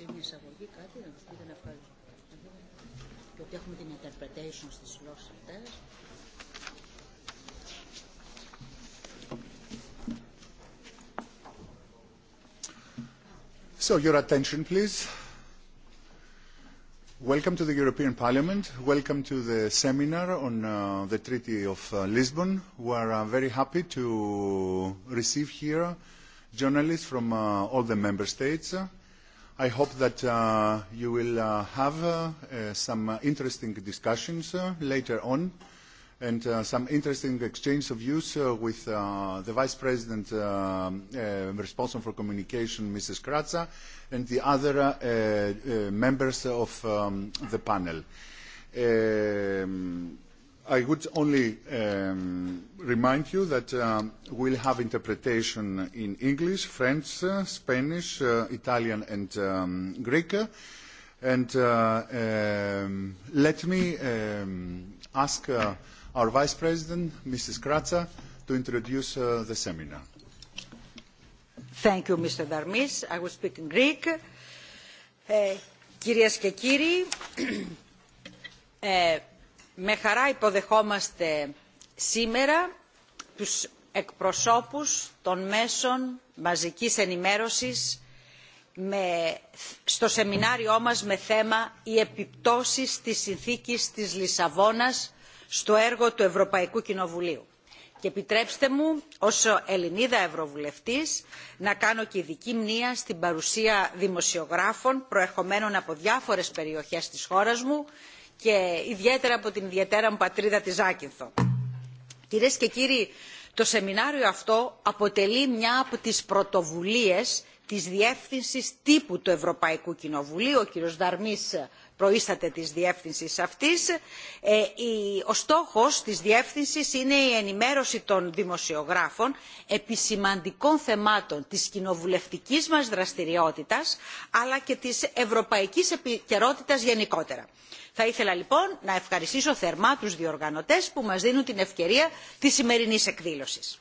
έτσι μια εισαγωγή, κάτι να τους πείτε να βγάλουν. Και ότι έχουμε την interpretation στις γλώσσες αυτές. So your attention please. Welcome to the European Parliament. Welcome to the seminar on uh, the Treaty of uh, Lisbon. We are uh, very happy to receive here journalists from uh, all the member states. I hope that uh, you will uh, have uh, some interesting discussions uh, later on and uh, some interesting exchange of views uh, with the Vice President responsible for communication, Mrs. Kratza, and the other members of um, the panel. Um, I would only um, remind you that um, we'll have interpretation in English, French, uh, Spanish, uh, Italian and um, Greek. And uh, um, let me um, ask uh, our Vice President, Mrs. Kratza, to introduce uh, the seminar. Thank you, Mr. Darmis. I will speak in Greek. Uh, κυρίες και κύριοι, uh, με χαρά υποδεχόμαστε σήμερα τους εκπροσώπους των μέσων μαζικής ενημέρωσης στο σεμινάριό μας με θέμα «Οι επιπτώσεις της συνθήκης της Λισαβόνας στο έργο του Ευρωπαϊκού Κοινοβουλίου». Και επιτρέψτε μου, ως Ελληνίδα Ευρωβουλευτής, να κάνω και ειδική μνήα στην παρουσία δημοσιογράφων προερχομένων από διάφορες περιοχές της χώρας μου και ιδιαίτερα από την ιδιαίτερα μου πατρίδα τη Ζάκυνθο. Κυρίες και κύριοι, το σεμινάριο αυτό αποτελεί μια από τις πρωτοβουλίες της Διεύθυνσης Τύπου του Ευρωπαϊκού Κοινοβουλίου. Ο κύριος Δαρμής προείσταται της διεύθυνσης αυτής. Ο στόχος της διεύθυνσης είναι η ενημέρωση των δημοσιογράφων επί σημαντικών θεμάτων της κοινοβουλευτικής μας δραστηριότητας αλλά και της ευρωπαϊκής επικαιρότητας γενικότερα. Θα ήθελα λοιπόν να ευχαριστήσω θερμά τους διοργανωτές που μας δίνουν την ευκαιρία της σημερινής εκδήλωσης.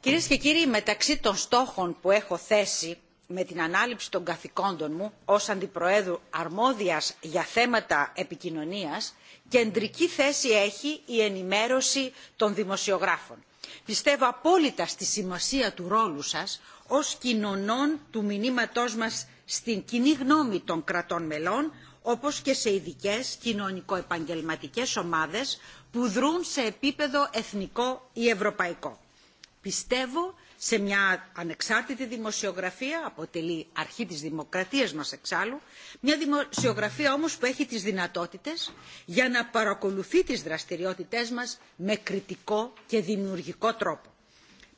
Κυρίες και κύριοι, μεταξύ των στόχων που έχω θέσει με την ανάληψη των καθηκόντων μου ως Αντιπροέδρου αρμόδιας για θέματα επικοινωνίας, κεντρική θέση έχει η ενημέρωση των δημοσιογράφων. Πιστεύω απόλυτα στη σημασία του ρόλου σας ως κοινωνών του μηνύματός μας στην κοινή γνώμη των κρατών μελών, όπως και σε ειδικέ κοινωνικοεπαγγελματικές ομάδες που δρούν σε επίπεδο εθνικό ή ευρωπαϊκό. Πιστεύω σε μια ανεξάρτητη δημοσιογραφία, αποτελεί αρχή της δημοκρατίας μας εξάλλου, μια δημοσιογραφία όμως που έχει τις δυνατότητες για να παρακολουθεί τις δραστηριότητές μας με κριτικό και δημιουργικό τρόπο.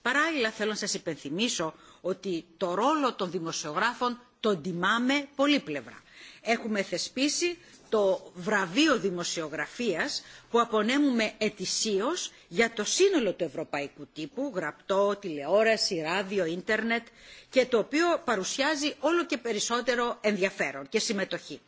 Παράλληλα θέλω να σας υπενθυμίσω ότι το ρόλο των δημοσιογράφων τον τιμάμε πολύπλευρα. Έχουμε θεσπίσει το βραβείο δημοσιογραφίας που απονέμουμε ετησίως για το σύνολο του ευρωπαϊκού τύπου, γραπτό, τηλεόραση, ράδιο, ίντερνετ και το οποίο παρουσιάζει όλο και περισσότερο ενδιαφέρον και συμμετοχή.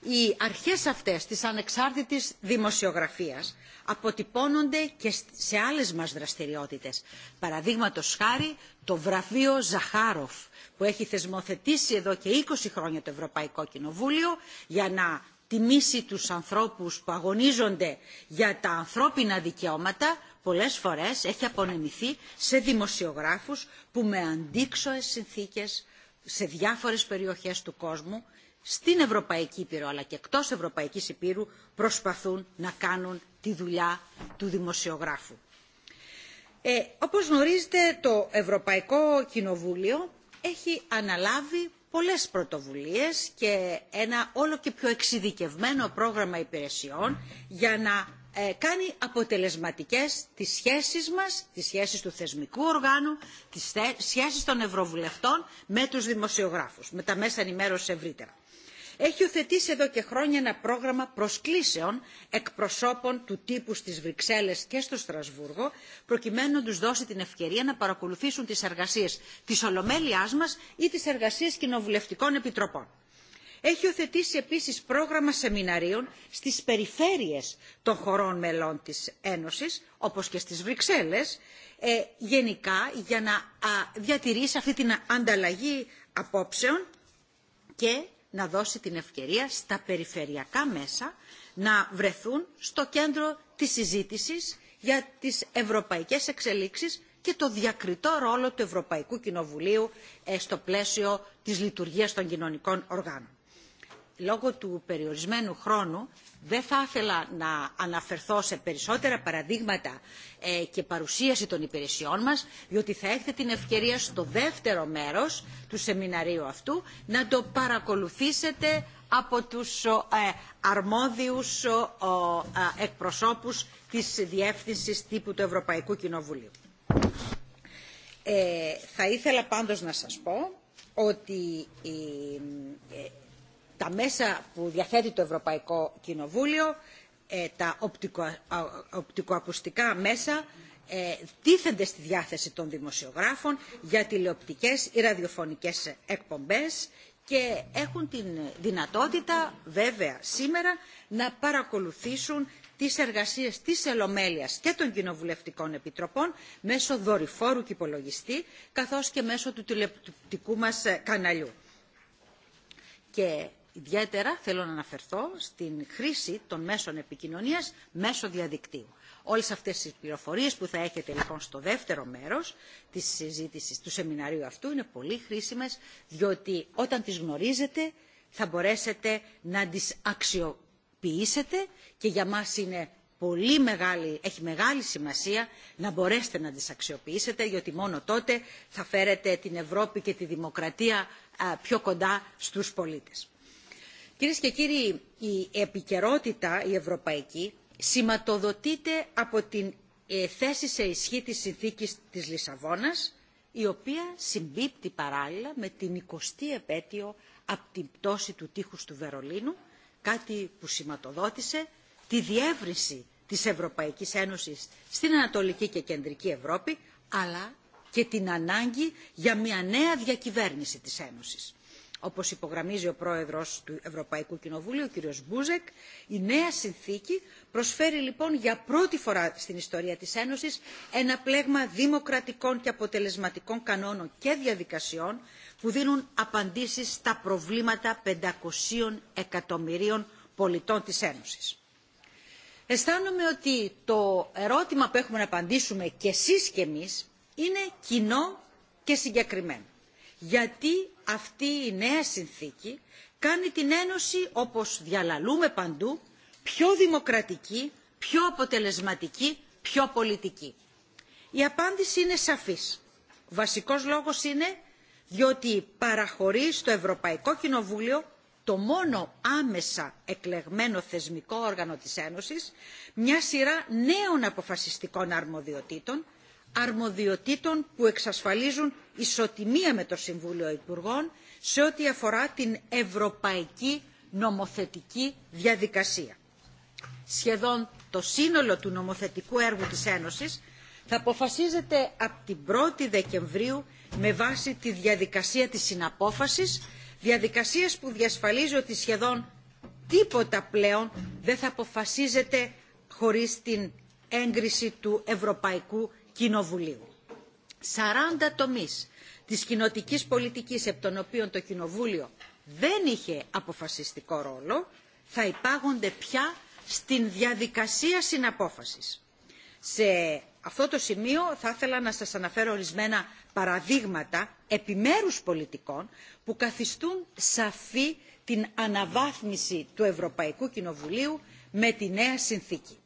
Οι αρχές αυτές της ανεξάρτητης δημοσιογραφίας αποτυπώνονται και σε άλλες μας δραστηριότητες. Παραδείγματος χάρη το βραβείο Ζαχάροφ που έχει θεσμοθετήσει εδώ και 20 χρόνια το Ευρωπαϊκό Κοινοβούλιο για να τιμήσει τους ανθρώπους που αγωνίζονται για τα ανθρώπινα δικαιώματα πολλές φορές έχει απονεμηθεί σε δημοσιογράφους που με αντίξωες συνθήκες σε διάφορες περιοχές του κόσμου στην Ευρωπαϊκή Ήπειρο αλλά και εκτός Ευρωπαϊκής Ήπειρου προσπαθούν να κάνουν τη δουλειά του δημοσιογράφου. Ε, όπως γνωρίζετε το Ευρωπαϊκό Κοινοβούλιο έχει αναλάβει πολλές πρωτοβουλίες και ένα όλο και πιο εξειδικευμένο πρόγραμμα υπηρεσιών για να ε, κάνει αποτελεσματικές τις σχέσεις μας, τις σχέσεις του θεσμικού οργάνου, τις σχέσεις των ευρωβουλευτών με τους δημοσιογράφους, με τα μέσα ενημέρωση ευρύτερα έχει υιοθετήσει εδώ και χρόνια ένα πρόγραμμα προσκλήσεων εκπροσώπων του τύπου στις Βρυξέλλες και στο Στρασβούργο, προκειμένου να τους δώσει την ευκαιρία να παρακολουθήσουν τις εργασίες της Ολομέλειάς μας ή τις εργασίες κοινοβουλευτικών επιτροπών. Έχει υιοθετήσει επίσης πρόγραμμα σεμιναρίων στις περιφέρειες των χωρών μελών της Ένωσης, όπως και στις Βρυξέλλες, ε, γενικά για να α, διατηρήσει αυτή την ανταλλαγή απόψεων και να δώσει την ευκαιρία στα περιφερειακά μέσα να βρεθούν στο κέντρο της συζήτησης για τις ευρωπαϊκές εξελίξεις και το διακριτό ρόλο του Ευρωπαϊκού Κοινοβουλίου στο πλαίσιο της λειτουργίας των κοινωνικών οργάνων λόγω του περιορισμένου χρόνου δεν θα ήθελα να αναφερθώ σε περισσότερα παραδείγματα ε, και παρουσίαση των υπηρεσιών μας, διότι θα έχετε την ευκαιρία στο δεύτερο μέρος του σεμιναρίου αυτού να το παρακολουθήσετε από τους ε, αρμόδιους ε, ε, εκπροσώπους της Διεύθυνσης Τύπου του Ευρωπαϊκού Κοινοβουλίου. Ε, θα ήθελα πάντως να σας πω ότι η, τα μέσα που διαθέτει το Ευρωπαϊκό Κοινοβούλιο, ε, τα οπτικο, οπτικοακουστικά μέσα, ε, τίθενται στη διάθεση των δημοσιογράφων για τηλεοπτικές ή ραδιοφωνικές εκπομπές και έχουν την δυνατότητα βέβαια σήμερα να παρακολουθήσουν τις εργασίες της Ελομέλειας και των Κοινοβουλευτικών Επιτροπών μέσω δορυφόρου και υπολογιστή καθώς και μέσω του τηλεοπτικού μας καναλιού. Και Ιδιαίτερα θέλω να αναφερθώ στην χρήση των μέσων επικοινωνίας μέσω διαδικτύου. Όλες αυτές τις πληροφορίες που θα έχετε λοιπόν στο δεύτερο μέρος της συζήτησης του σεμιναρίου αυτού είναι πολύ χρήσιμες διότι όταν τις γνωρίζετε θα μπορέσετε να τις αξιοποιήσετε και για μας είναι πολύ μεγάλη, έχει μεγάλη σημασία να μπορέσετε να τις αξιοποιήσετε, γιατί μόνο τότε θα φέρετε την Ευρώπη και τη δημοκρατία πιο κοντά στους πολίτες. Κυρίες και κύριοι, η επικαιρότητα η ευρωπαϊκή σηματοδοτείται από την ε, θέση σε ισχύ της συνθήκης της Λισαβόνας, η οποία συμπίπτει παράλληλα με την 20η επέτειο από την πτώση του τείχους του Βερολίνου, κάτι που σηματοδότησε τη διεύρυνση της Ευρωπαϊκής Ένωσης στην Ανατολική και Κεντρική Ευρώπη, αλλά και την ανάγκη για μια νέα διακυβέρνηση της Ένωσης όπως υπογραμμίζει ο πρόεδρος του Ευρωπαϊκού Κοινοβουλίου, κ. Μπούζεκ, η νέα συνθήκη προσφέρει λοιπόν για πρώτη φορά στην ιστορία της Ένωσης ένα πλέγμα δημοκρατικών και αποτελεσματικών κανόνων και διαδικασιών που δίνουν απαντήσεις στα προβλήματα 500 εκατομμυρίων πολιτών της Ένωσης. Αισθάνομαι ότι το ερώτημα που έχουμε να απαντήσουμε και εσείς και εμείς είναι κοινό και συγκεκριμένο. Γιατί αυτή η νέα συνθήκη κάνει την Ένωση, όπως διαλαλούμε παντού, πιο δημοκρατική, πιο αποτελεσματική, πιο πολιτική. Η απάντηση είναι σαφής. Βασικός λόγος είναι διότι παραχωρεί στο Ευρωπαϊκό Κοινοβούλιο το μόνο άμεσα εκλεγμένο θεσμικό όργανο της Ένωσης μια σειρά νέων αποφασιστικών αρμοδιοτήτων αρμοδιοτήτων που εξασφαλίζουν ισοτιμία με το Συμβούλιο Υπουργών σε ό,τι αφορά την ευρωπαϊκή νομοθετική διαδικασία. Σχεδόν το σύνολο του νομοθετικού έργου της Ένωσης θα αποφασίζεται από την 1η Δεκεμβρίου με βάση τη διαδικασία της συναπόφασης, διαδικασίας που διασφαλίζει ότι σχεδόν τίποτα πλέον δεν θα αποφασίζεται χωρίς την έγκριση του Ευρωπαϊκού Κοινοβουλίου. 40 τομείς της κοινοτικής πολιτικής, επ' των οποίων το Κοινοβούλιο δεν είχε αποφασιστικό ρόλο, θα υπάγονται πια στην διαδικασία συναπόφασης. Σε αυτό το σημείο θα ήθελα να σας αναφέρω ορισμένα παραδείγματα επιμέρους πολιτικών που καθιστούν σαφή την αναβάθμιση του Ευρωπαϊκού Κοινοβουλίου με τη νέα συνθήκη.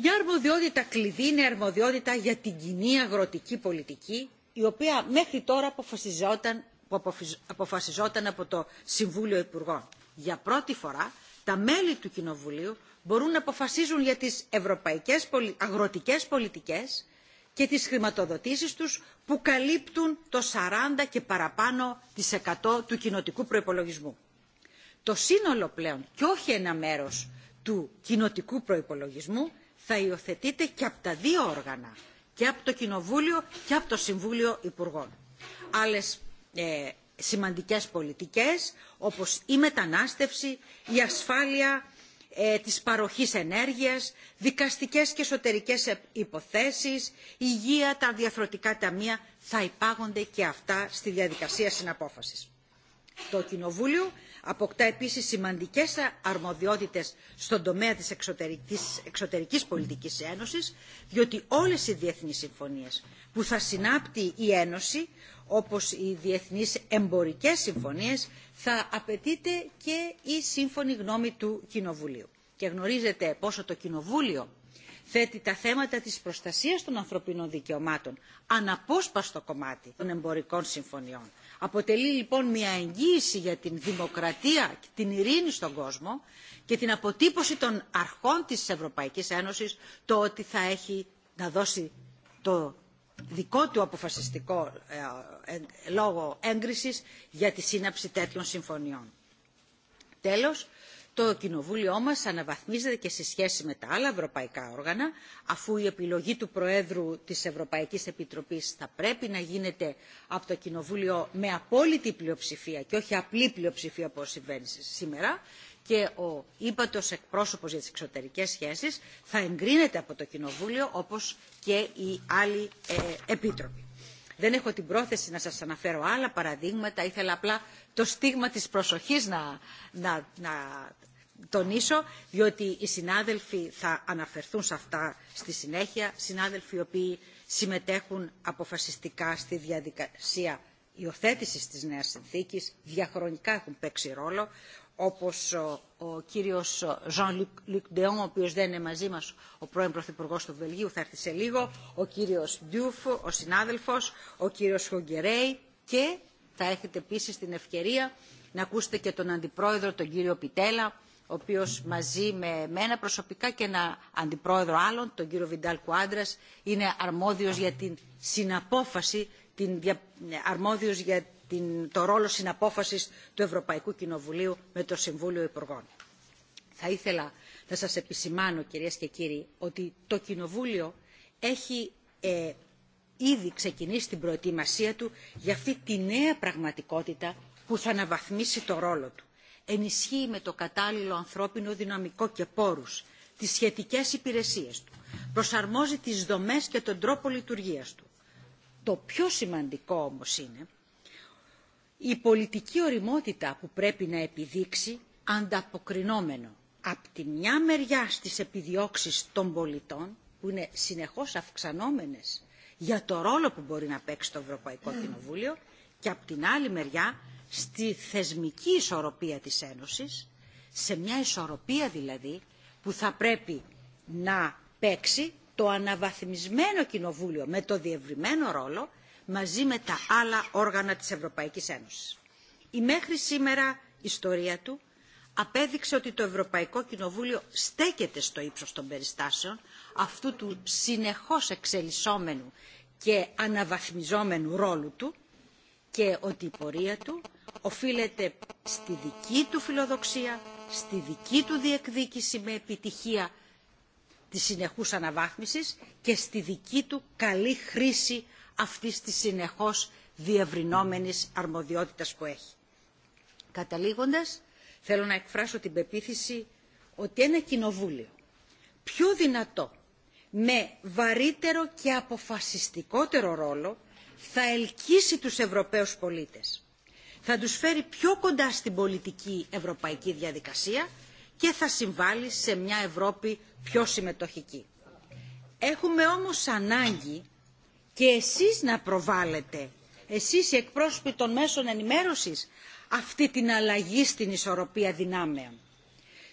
Μια αρμοδιότητα κλειδί είναι η αρμοδιότητα για την κοινή αγροτική πολιτική, η οποία μέχρι τώρα αποφασιζόταν, που αποφασιζόταν από το Συμβούλιο Υπουργών. Για πρώτη φορά, τα μέλη του Κοινοβουλίου μπορούν να αποφασίζουν για τις ευρωπαϊκές αγροτικές πολιτικές και τις χρηματοδοτήσεις τους που καλύπτουν το 40 και παραπάνω της 100 του κοινοτικού προϋπολογισμού. Το σύνολο πλέον και όχι ένα μέρος του κοινοτικού προϋπολογισμού θα υιοθετείται και από τα δύο όργανα, και από το Κοινοβούλιο και από το Συμβούλιο Υπουργών. Άλλες ε, σημαντικές πολιτικές όπως η μετανάστευση, η ασφάλεια ε, της παροχής ενέργειας, δικαστικές και εσωτερικές υποθέσεις, υγεία, τα διαφορετικά ταμεία θα υπάγονται και αυτά στη διαδικασία συναπόφασης. Το Κοινοβούλιο αποκτά επίσης σημαντικές αρμοδιότητες στον τομέα της εξωτερικής, εξωτερικής πολιτικής ένωσης, διότι όλες οι διεθνείς συμφωνίες που θα συνάπτει η Ένωση, όπως οι διεθνείς εμπορικές συμφωνίες, θα απαιτείται και η σύμφωνη γνώμη του Κοινοβουλίου. Και γνωρίζετε πόσο το Κοινοβούλιο θέτει τα θέματα της προστασίας των ανθρωπίνων δικαιωμάτων αναπόσπαστο κομμάτι των εμπορικών συμφωνιών. Αποτελεί λοιπόν μια εγγύηση για την δημοκρατία, και την ειρήνη στον κόσμο και την αποτύπωση των αρχών της Ευρωπαϊκής Ένωσης το ότι θα έχει να δώσει το δικό του αποφασιστικό ε, ε, λόγο έγκρισης για τη σύναψη τέτοιων συμφωνιών. Τέλος, το κοινοβούλιο μας αναβαθμίζεται και σε σχέση με τα άλλα ευρωπαϊκά όργανα, αφού η επιλογή του Προέδρου της Ευρωπαϊκής Επιτροπής θα πρέπει να γίνεται από το κοινοβούλιο με απόλυτη πλειοψηφία και όχι απλή πλειοψηφία όπως συμβαίνει σήμερα, και ο ύπατος εκπρόσωπος για τις εξωτερικές σχέσεις θα εγκρίνεται από το Κοινοβούλιο όπως και οι άλλοι ε, επίτροποι. Δεν έχω την πρόθεση να σας αναφέρω άλλα παραδείγματα, ήθελα απλά το στίγμα της προσοχής να, να, να τονίσω, διότι οι συνάδελφοι θα αναφερθούν σε αυτά στη συνέχεια, συνάδελφοι οι οποίοι συμμετέχουν αποφασιστικά στη διαδικασία υιοθέτηση της νέας συνθήκης, διαχρονικά έχουν παίξει ρόλο, όπως ο κύριος Jean Luc Deon, ο οποίος δεν είναι μαζί μας, ο πρώην Πρωθυπουργός του Βελγίου, θα έρθει σε λίγο, ο κύριος Ντιούφ, ο συνάδελφος, ο κύριος Χογκερέη και θα έχετε επίσης την ευκαιρία να ακούσετε και τον Αντιπρόεδρο, τον κύριο Πιτέλα, ο οποίος μαζί με μένα προσωπικά και ένα αντιπρόεδρο άλλων, τον κύριο Βιντάλ Κουάντρας, είναι αρμόδιος για την συναπόφαση, την δια... αρμόδιος για το ρόλο συναπόφασης του Ευρωπαϊκού Κοινοβουλίου με το Συμβούλιο Υπουργών. Θα ήθελα να σας επισημάνω, κυρίες και κύριοι, ότι το Κοινοβούλιο έχει ε, ήδη ξεκινήσει την προετοιμασία του για αυτή τη νέα πραγματικότητα που θα αναβαθμίσει το ρόλο του. Ενισχύει με το κατάλληλο ανθρώπινο δυναμικό και πόρους τις σχετικές υπηρεσίες του. Προσαρμόζει τις δομές και τον τρόπο λειτουργίας του. Το πιο σημαντικό όμως είναι η πολιτική οριμότητα που πρέπει να επιδείξει ανταποκρινόμενο από τη μια μεριά στις επιδιώξεις των πολιτών που είναι συνεχώς αυξανόμενες για το ρόλο που μπορεί να παίξει το Ευρωπαϊκό Κοινοβούλιο και από την άλλη μεριά στη θεσμική ισορροπία της Ένωσης, σε μια ισορροπία δηλαδή που θα πρέπει να παίξει το αναβαθμισμένο κοινοβούλιο με το διευρυμένο ρόλο μαζί με τα άλλα όργανα της Ευρωπαϊκής Ένωσης. Η μέχρι σήμερα ιστορία του απέδειξε ότι το Ευρωπαϊκό Κοινοβούλιο στέκεται στο ύψος των περιστάσεων αυτού του συνεχώς εξελισσόμενου και αναβαθμιζόμενου ρόλου του και ότι η πορεία του οφείλεται στη δική του φιλοδοξία, στη δική του διεκδίκηση με επιτυχία της συνεχούς αναβάθμισης και στη δική του καλή χρήση αυτής της συνεχώς διευρυνόμενης αρμοδιότητας που έχει. Καταλήγοντας, θέλω να εκφράσω την πεποίθηση ότι ένα κοινοβούλιο πιο δυνατό, με βαρύτερο και αποφασιστικότερο ρόλο, θα ελκύσει τους Ευρωπαίους πολίτες. Θα τους φέρει πιο κοντά στην πολιτική ευρωπαϊκή διαδικασία και θα συμβάλλει σε μια Ευρώπη πιο συμμετοχική. Έχουμε όμως ανάγκη και εσείς να προβάλλετε, εσείς οι εκπρόσωποι των μέσων ενημέρωσης, αυτή την αλλαγή στην ισορροπία δυνάμεων,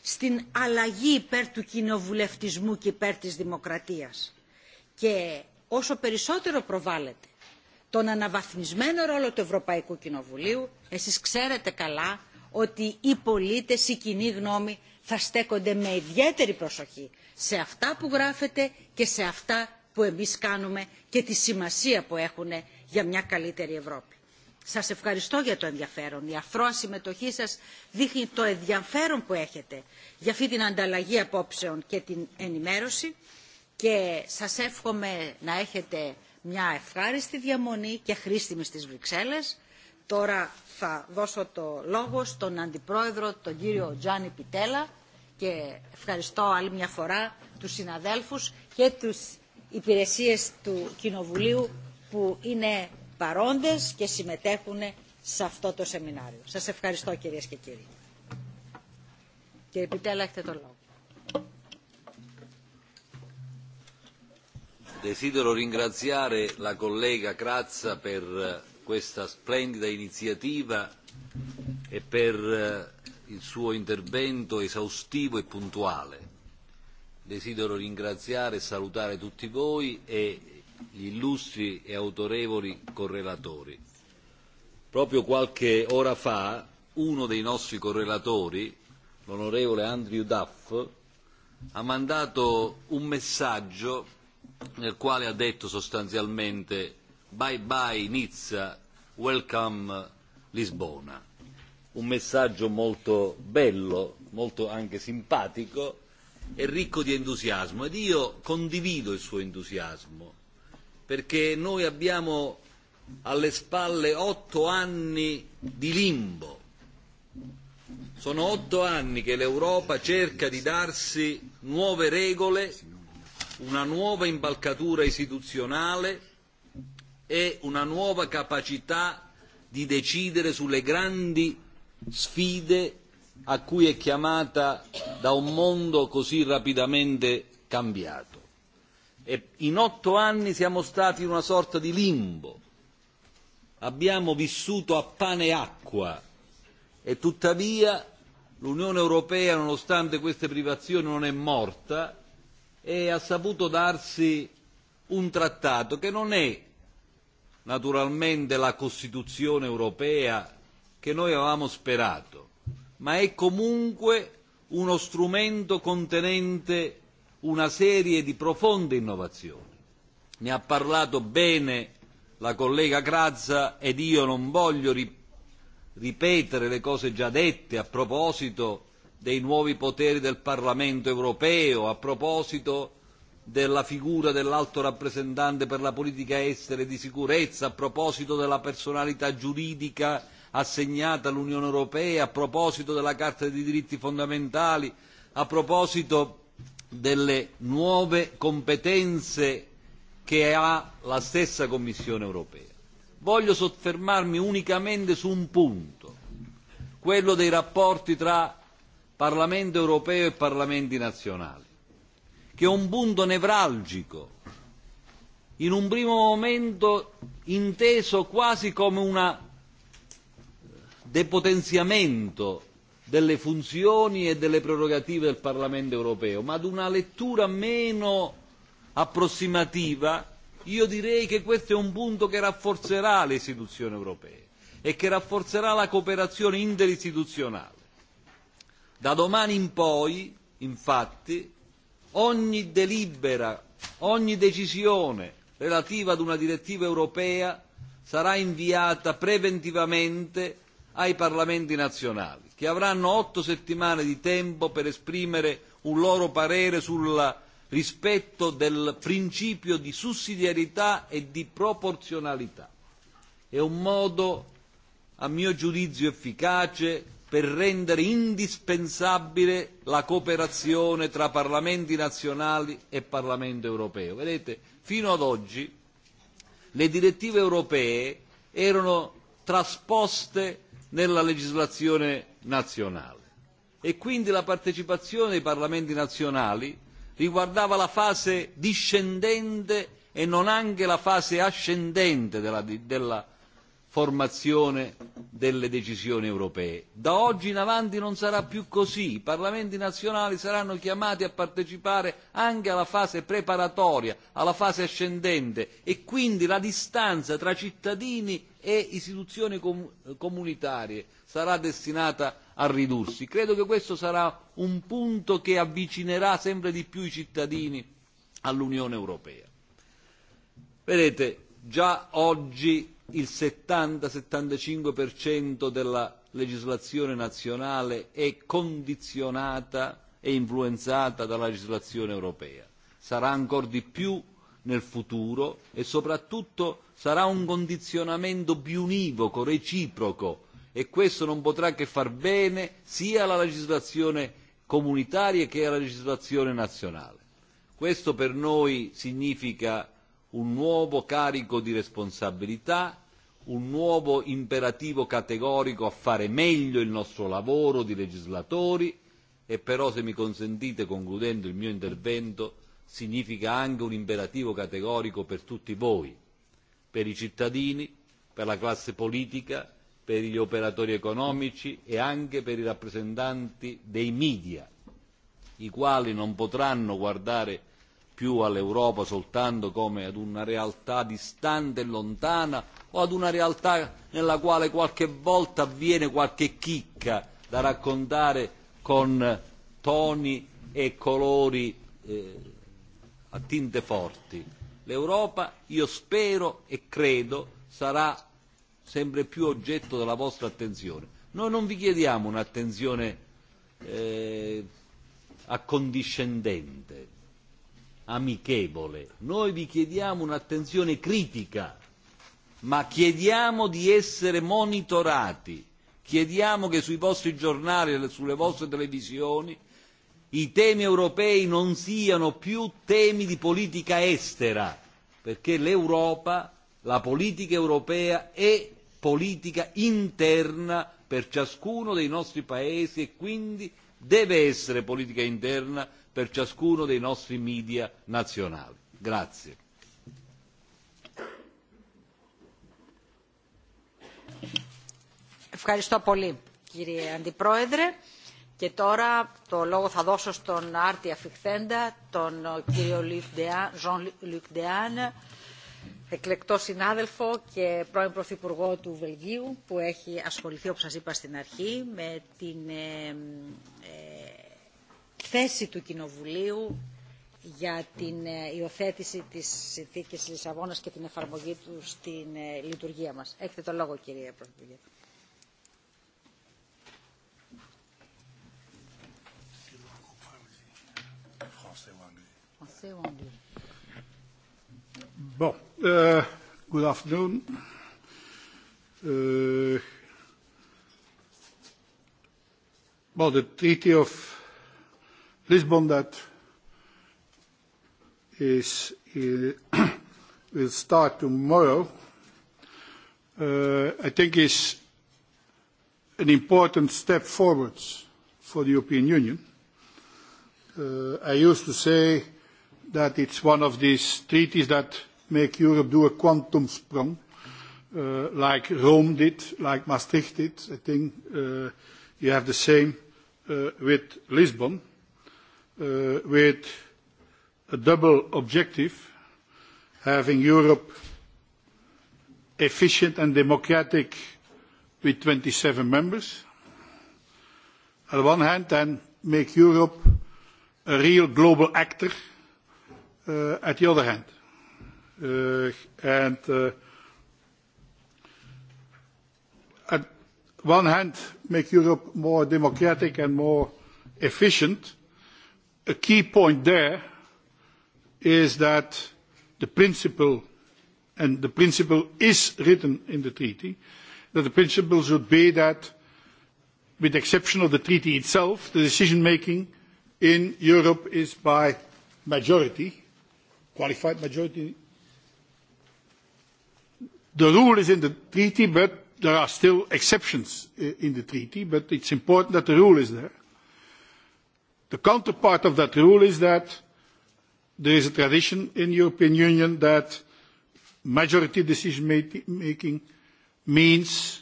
στην αλλαγή υπέρ του κοινοβουλευτισμού και υπέρ της δημοκρατίας. Και όσο περισσότερο προβάλλετε τον αναβαθμισμένο ρόλο του Ευρωπαϊκού Κοινοβουλίου, εσείς ξέρετε καλά ότι οι πολίτες, η κοινή γνώμη θα στέκονται με ιδιαίτερη προσοχή σε αυτά που γράφετε και σε αυτά που εμείς κάνουμε και τη σημασία που έχουν για μια καλύτερη Ευρώπη. Σας ευχαριστώ για το ενδιαφέρον. Η αφρόα συμμετοχή σας δείχνει το ενδιαφέρον που έχετε για αυτή την ανταλλαγή απόψεων και την ενημέρωση και σας εύχομαι να έχετε μια ευχάριστη διαμονή και χρήσιμη στις Βρυξέλλες. Τώρα θα δώσω το λόγο στον Αντιπρόεδρο, τον κύριο Τζάνι Πιτέλα και ευχαριστώ άλλη μια φορά τους συναδέλφους και τους υπηρεσίες του Κοινοβουλίου που είναι παρόντες και συμμετέχουν σε αυτό το σεμινάριο. Σας ευχαριστώ κυρίες και κύριοι. Κύριε Πιτέλα, έχετε το λόγο. Desidero ringraziare la collega Crazza per questa splendida iniziativa e per il suo intervento esaustivo e puntuale desidero ringraziare e salutare tutti voi e gli illustri e autorevoli correlatori. Proprio qualche ora fa uno dei nostri correlatori, l'onorevole Andrew Duff, ha mandato un messaggio nel quale ha detto sostanzialmente bye bye Nizza, welcome Lisbona. Un messaggio molto bello, molto anche simpatico è ricco di entusiasmo ed io condivido il suo entusiasmo perché noi abbiamo alle spalle otto anni di limbo. Sono otto anni che l'Europa cerca di darsi nuove regole, una nuova impalcatura istituzionale e una nuova capacità di decidere sulle grandi sfide a cui è chiamata da un mondo così rapidamente cambiato. E in otto anni siamo stati in una sorta di limbo, abbiamo vissuto a pane e acqua e tuttavia l'Unione Europea, nonostante queste privazioni, non è morta e ha saputo darsi un trattato che non è naturalmente la Costituzione europea che noi avevamo sperato, ma è comunque uno strumento contenente una serie di profonde innovazioni. Ne ha parlato bene la collega Grazza ed io non voglio ripetere le cose già dette a proposito dei nuovi poteri del Parlamento europeo, a proposito della figura dell'alto rappresentante per la politica estera e di sicurezza, a proposito della personalità giuridica assegnata all'Unione Europea a proposito della Carta dei diritti fondamentali, a proposito delle nuove competenze che ha la stessa Commissione Europea. Voglio soffermarmi unicamente su un punto, quello dei rapporti tra Parlamento europeo e Parlamenti nazionali, che è un punto nevralgico, in un primo momento inteso quasi come una depotenziamento delle funzioni e delle prerogative del Parlamento europeo, ma ad una lettura meno approssimativa, io direi che questo è un punto che rafforzerà le istituzioni europee e che rafforzerà la cooperazione interistituzionale. Da domani in poi, infatti, ogni delibera, ogni decisione relativa ad una direttiva europea sarà inviata preventivamente ai Parlamenti nazionali, che avranno otto settimane di tempo per esprimere un loro parere sul rispetto del principio di sussidiarietà e di proporzionalità. È un modo, a mio giudizio, efficace per rendere indispensabile la cooperazione tra Parlamenti nazionali e Parlamento europeo. Vedete, fino ad oggi le direttive europee erano trasposte nella legislazione nazionale e quindi la partecipazione dei parlamenti nazionali riguardava la fase discendente e non anche la fase ascendente della, della formazione delle decisioni europee. Da oggi in avanti non sarà più così, i parlamenti nazionali saranno chiamati a partecipare anche alla fase preparatoria, alla fase ascendente e quindi la distanza tra cittadini e istituzioni com- comunitarie sarà destinata a ridursi. Credo che questo sarà un punto che avvicinerà sempre di più i cittadini all'Unione Europea. Vedete, già oggi il 70-75% della legislazione nazionale è condizionata e influenzata dalla legislazione europea. Sarà ancora di più nel futuro e soprattutto sarà un condizionamento univoco, reciproco e questo non potrà che far bene sia alla legislazione comunitaria che alla legislazione nazionale. Questo per noi significa un nuovo carico di responsabilità, un nuovo imperativo categorico a fare meglio il nostro lavoro di legislatori e però, se mi consentite, concludendo il mio intervento, significa anche un imperativo categorico per tutti voi, per i cittadini, per la classe politica, per gli operatori economici e anche per i rappresentanti dei media, i quali non potranno guardare più all'Europa soltanto come ad una realtà distante e lontana o ad una realtà nella quale qualche volta avviene qualche chicca da raccontare con toni e colori eh, a tinte forti. L'Europa, io spero e credo, sarà sempre più oggetto della vostra attenzione. Noi non vi chiediamo un'attenzione eh, accondiscendente, amichevole, noi vi chiediamo un'attenzione critica, ma chiediamo di essere monitorati, chiediamo che sui vostri giornali e sulle vostre televisioni i temi europei non siano più temi di politica estera, perché l'Europa, la politica europea è politica interna per ciascuno dei nostri paesi e quindi deve essere politica interna per ciascuno dei nostri media nazionali. Grazie. Ευχαριστώ πολύ κύριε Αντιπρόεδρε. Και τώρα το λόγο θα δώσω στον άρτη αφιχθέντα, τον κύριο Jean-Luc Dehaene, εκλεκτό συνάδελφο και πρώην Πρωθυπουργό του Βελγίου, που έχει ασχοληθεί, όπως σας είπα στην αρχή, με την ε, ε, θέση του Κοινοβουλίου για την ε, υιοθέτηση της συνθήκης Λισαβόνας και την εφαρμογή του στην ε, λειτουργία μας. Έχετε το λόγο, κύριε Πρωθυπουργέ. Bon, euh, good afternoon. Euh, well, the Treaty of Lisbon that is uh, will start tomorrow. Uh, I think is an important step forwards for the European Union. Uh, I used to say that it's one of these treaties that make Europe do a quantum sprung, uh, like Rome did, like Maastricht did. I think uh, you have the same uh, with Lisbon, uh, with a double objective, having Europe efficient and democratic with 27 members on the one hand and make Europe a real global actor uh, at the other hand. Uh, and uh, at one hand, make Europe more democratic and more efficient. A key point there is that the principle, and the principle is written in the treaty, that the principle should be that, with the exception of the treaty itself, the decision making in Europe is by majority, qualified majority. The rule is in the treaty, but there are still exceptions eh, in the treaty, but it's important that the rule is there. The counterpart of that rule is that there is a tradition in the European Union that majority decision making means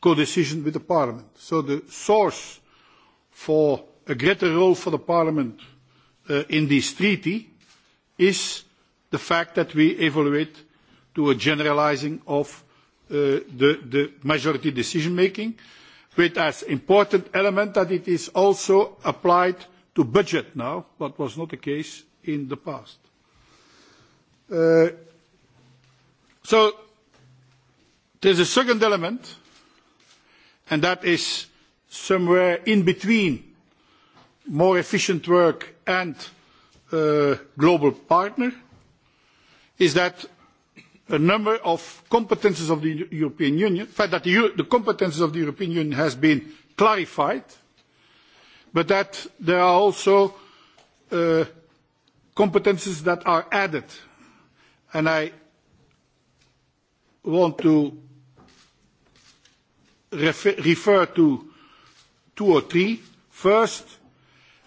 co-decision with the Parliament. So the source for a greater role for the Parliament uh, in this treaty is the fact that we evaluate to a generalizing of uh, the, majority decision making, with as important element that it is also applied to budget now, what was not the case in the past. Uh, so there's a second element, and that is somewhere in between more efficient work and Uh, global partner is that a number of competences of the European Union, the fact that the, the competences of the European Union has been clarified, but that there are also uh, competences that are added. And I want to refer, refer to two or three. First,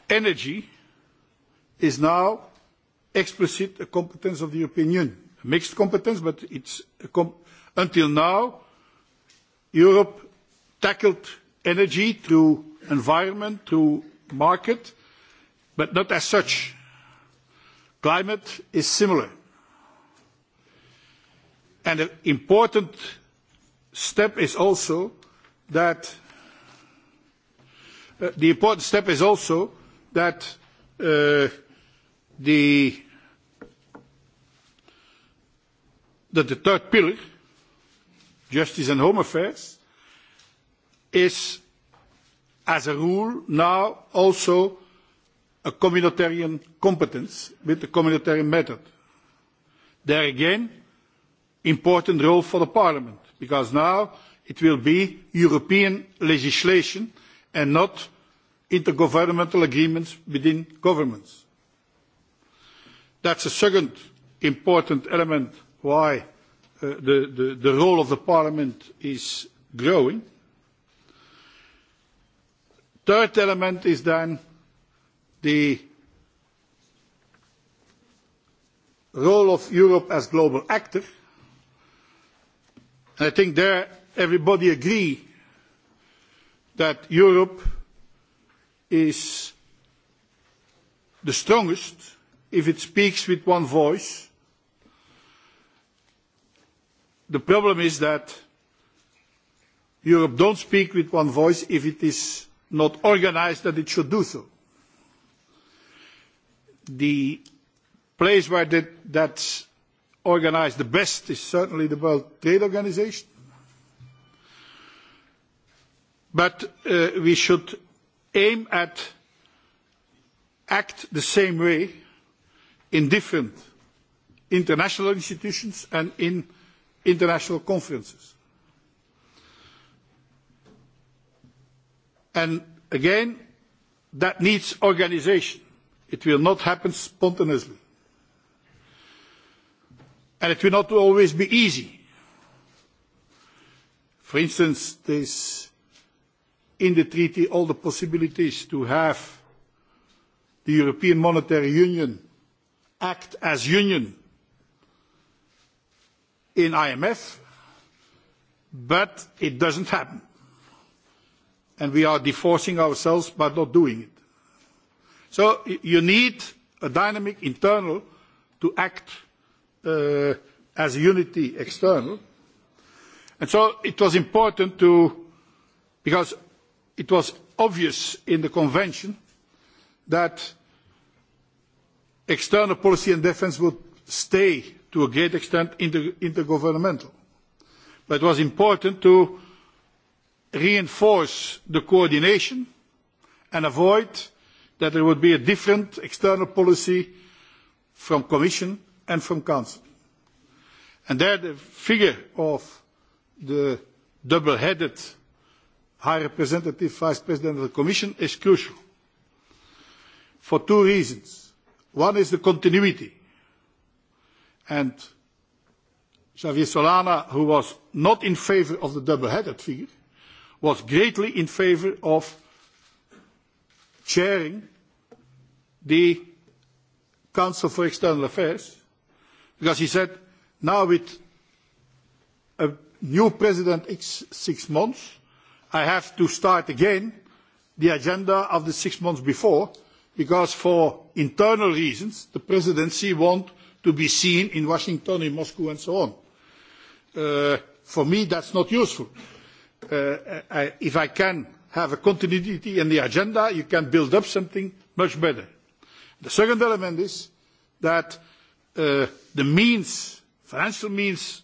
energy is now explicit a competence of the European Union. A mixed competence, but it's a comp until now, Europe tackled energy through environment, through market, but not as such. Climate is similar. And an important step is also that uh, the important step is also that uh, the, that the third pillar, justice and home affairs, is as a rule now also a communitarian competence with the communitarian method. There again, important role for the parliament because now it will be European legislation and not intergovernmental agreements within governments. That's the second important element why uh, the, the, the role of the parliament is growing. Third element is then the role of Europe as global actor. And I think there everybody agree that Europe is the strongest if it speaks with one voice. The problem is that Europe don't speak with one voice if it is not organised that it should do so. The place where that, that's organised the best is certainly the World Trade Organisation. But uh, we should aim at act the same way in different international institutions and in international conferences. And again, that needs organisation. It will not happen spontaneously. And it will not always be easy. For instance, there is in the treaty all the possibilities to have the European Monetary Union act as union in IMF, but it doesn't happen. And we are divorcing ourselves by not doing it. So you need a dynamic internal to act uh, as a unity external. And so it was important to, because it was obvious in the convention that external policy and defence would stay to a great extent intergovernmental. But it was important to reinforce the coordination and avoid that there would be a different external policy from Commission and from Council. And there the figure of the double-headed High Representative Vice President of the Commission is crucial for two reasons One is the continuity. And Javier Solana, who was not in favour of the double-headed figure, was greatly in favour of chairing the Council for External Affairs, because he said, now with a new president in six months, I have to start again the agenda of the six months before, because for internal reasons, the presidency wants to be seen in Washington, in Moscow, and so on. Uh, for me, that's not useful. Uh, I, if I can have a continuity in the agenda, you can build up something much better. The second element is that uh, the means, financial means,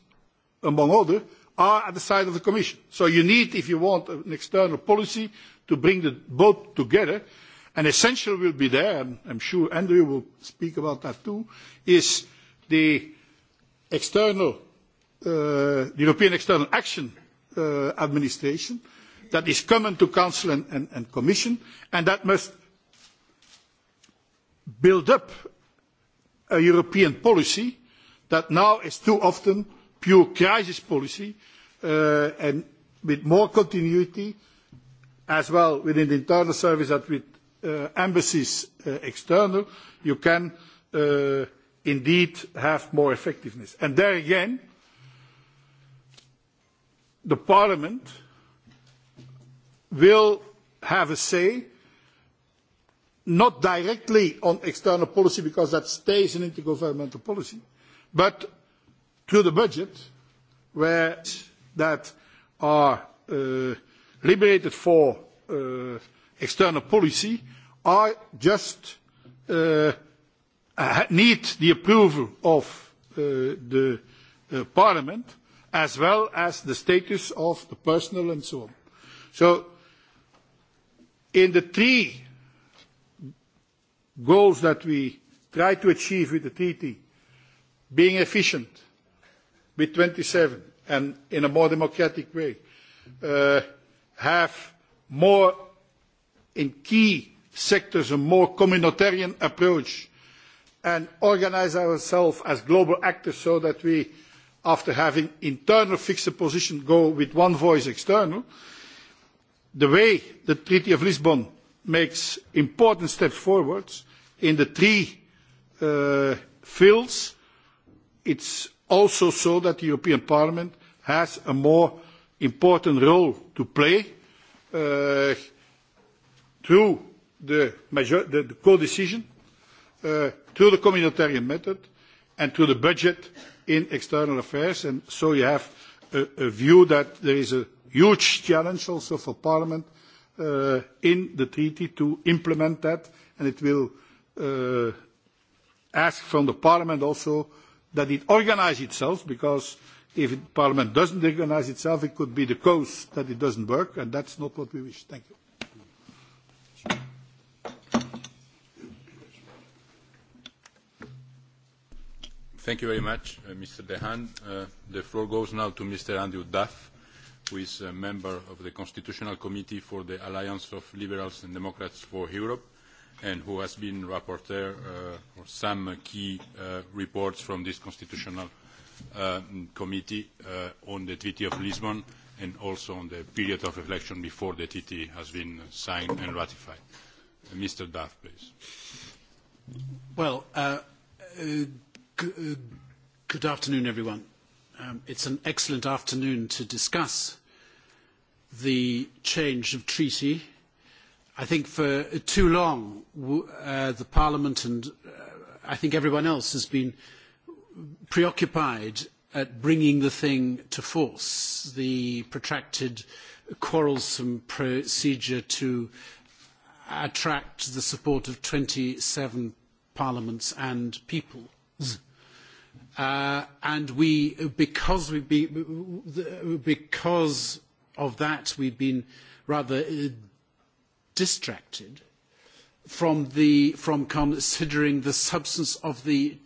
among others, are at the side of the Commission. So you need, if you want an external policy, to bring the both together And essential will be there, and I'm sure Andrew will speak about that too, is the external, uh, European External Action uh, Administration that is common to Council and, and, and Commission, and that must build up a European policy that now is too often pure crisis policy uh, and with more continuity as well within the internal service that with uh, embassies uh, external, you can uh, indeed have more effectiveness. And there again, the parliament will have a say, not directly on external policy, because that stays an intergovernmental policy, but through the budget, where that are uh, liberated for uh, external policy are just uh, need the approval of uh, the uh, parliament as well as the status of the personal and so on. So in the three goals that we try to achieve with the treaty, being efficient with 27 and in a more democratic way, uh, have more in key sectors a more communitarian approach and organise ourselves as global actors so that we, after having internal fixed position, go with one voice external. The way the Treaty of Lisbon makes important steps forwards in the three uh, fields, it's also so that the European Parliament has a more important role to play. Uh, through the, measure, the, the co-decision, uh, through the communitarian method, and through the budget in external affairs. And so you have a, a view that there is a huge challenge also for Parliament uh, in the treaty to implement that, and it will uh, ask from the Parliament also that it organise itself, because if Parliament doesn't organise itself, it could be the cause that it doesn't work, and that's not what we wish. Thank you. Thank you very much, uh, Mr. Dehan. Uh, the floor goes now to Mr. Andrew Duff, who is a member of the Constitutional Committee for the Alliance of Liberals and Democrats for Europe and who has been rapporteur uh, for some key uh, reports from this Constitutional uh, Committee uh, on the Treaty of Lisbon and also on the period of reflection before the treaty has been signed and ratified. Uh, Mr. Duff, please. Well, uh, uh Uh, good afternoon, everyone. Um, it's an excellent afternoon to discuss the change of treaty. I think for too long, uh, the Parliament and uh, I think everyone else has been preoccupied at bringing the thing to force, the protracted, quarrelsome procedure to attract the support of 27 parliaments and peoples. Uh, and because, we be, because of that, we've been rather uh, distracted from, considering the substance of the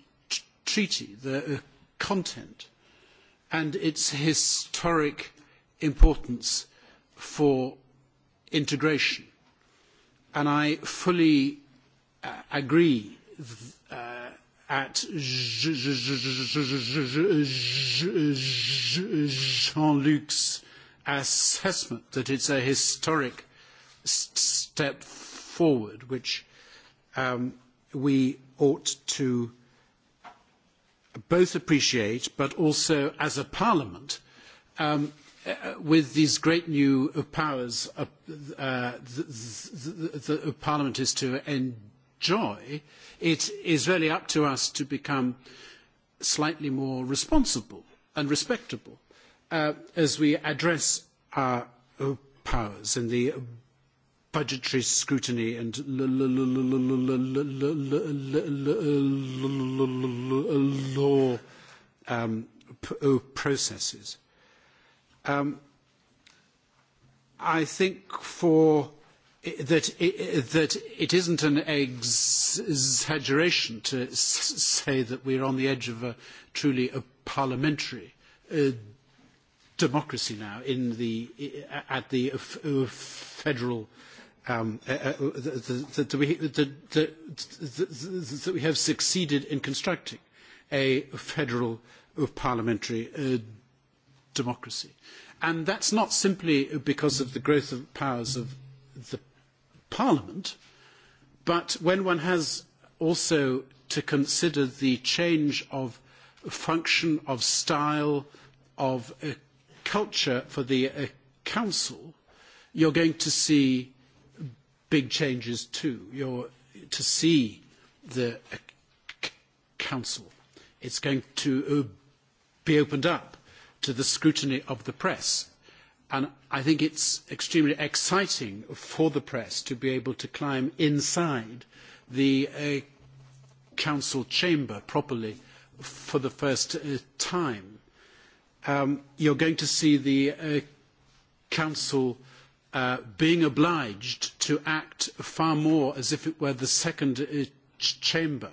treaty, the uh, content, and its historic importance for integration. And I fully agree at Jean-Luc's assessment that it's a historic step forward, which um, we ought to both appreciate, but also as a parliament, um, uh, with these great new powers, uh, uh, the, the, the, the parliament is to end joy, it is really up to us to become slightly more responsible and respectable uh, as we address our powers in the budgetary scrutiny and law processes. I think for that that it isn't an exaggeration to say that we are on the edge of a truly a parliamentary uh, democracy now in the at the uh, uh, federal um, uh, uh that we that we have succeeded in constructing a federal uh, parliamentary democracy, and that's not simply because of the growth of powers of the Parliament, but when one has also to consider the change of function, of style, of uh, culture for the uh, Council, you're going to see big changes too. You're to see the uh, Council. It's going to uh, be opened up to the scrutiny of the press And I think it's extremely exciting for the press to be able to climb inside the uh, council chamber properly for the first uh, time. Um, you're going to see the uh, council uh, being obliged to act far more as if it were the second uh, ch chamber,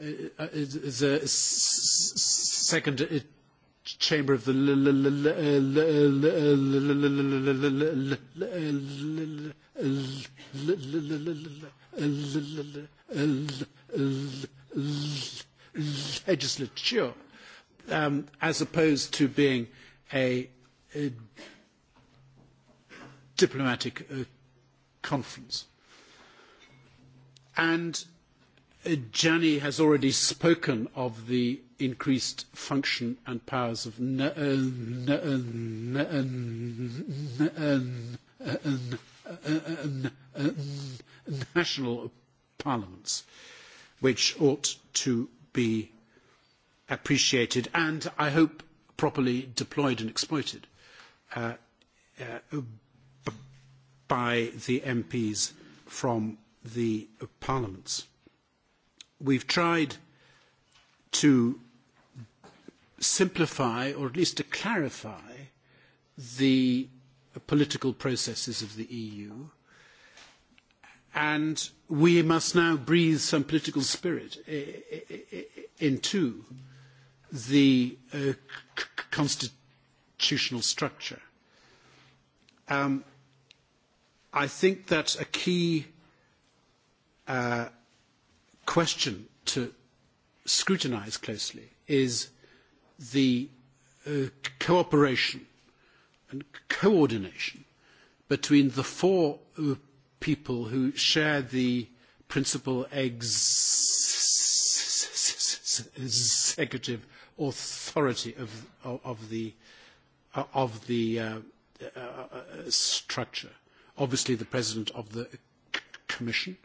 uh, uh, the second uh, chamber of the legislature um, as opposed to being a, a diplomatic uh, conference. And uh, Gianni has already spoken of the increased function and powers of national parliaments, which ought to be appreciated and, I hope, properly deployed and exploited uh, uh, by the MPs from the parliaments. We've tried to simplify or at least to clarify the political processes of the EU. And we must now breathe some political spirit into the uh, constitutional structure. Um, I think that a key uh, question to scrutinise closely is the uh, cooperation and coordination between the four uh, people who share the principal executive authority of, of the, uh, of the uh, uh, structure. Obviously, the president of the commission,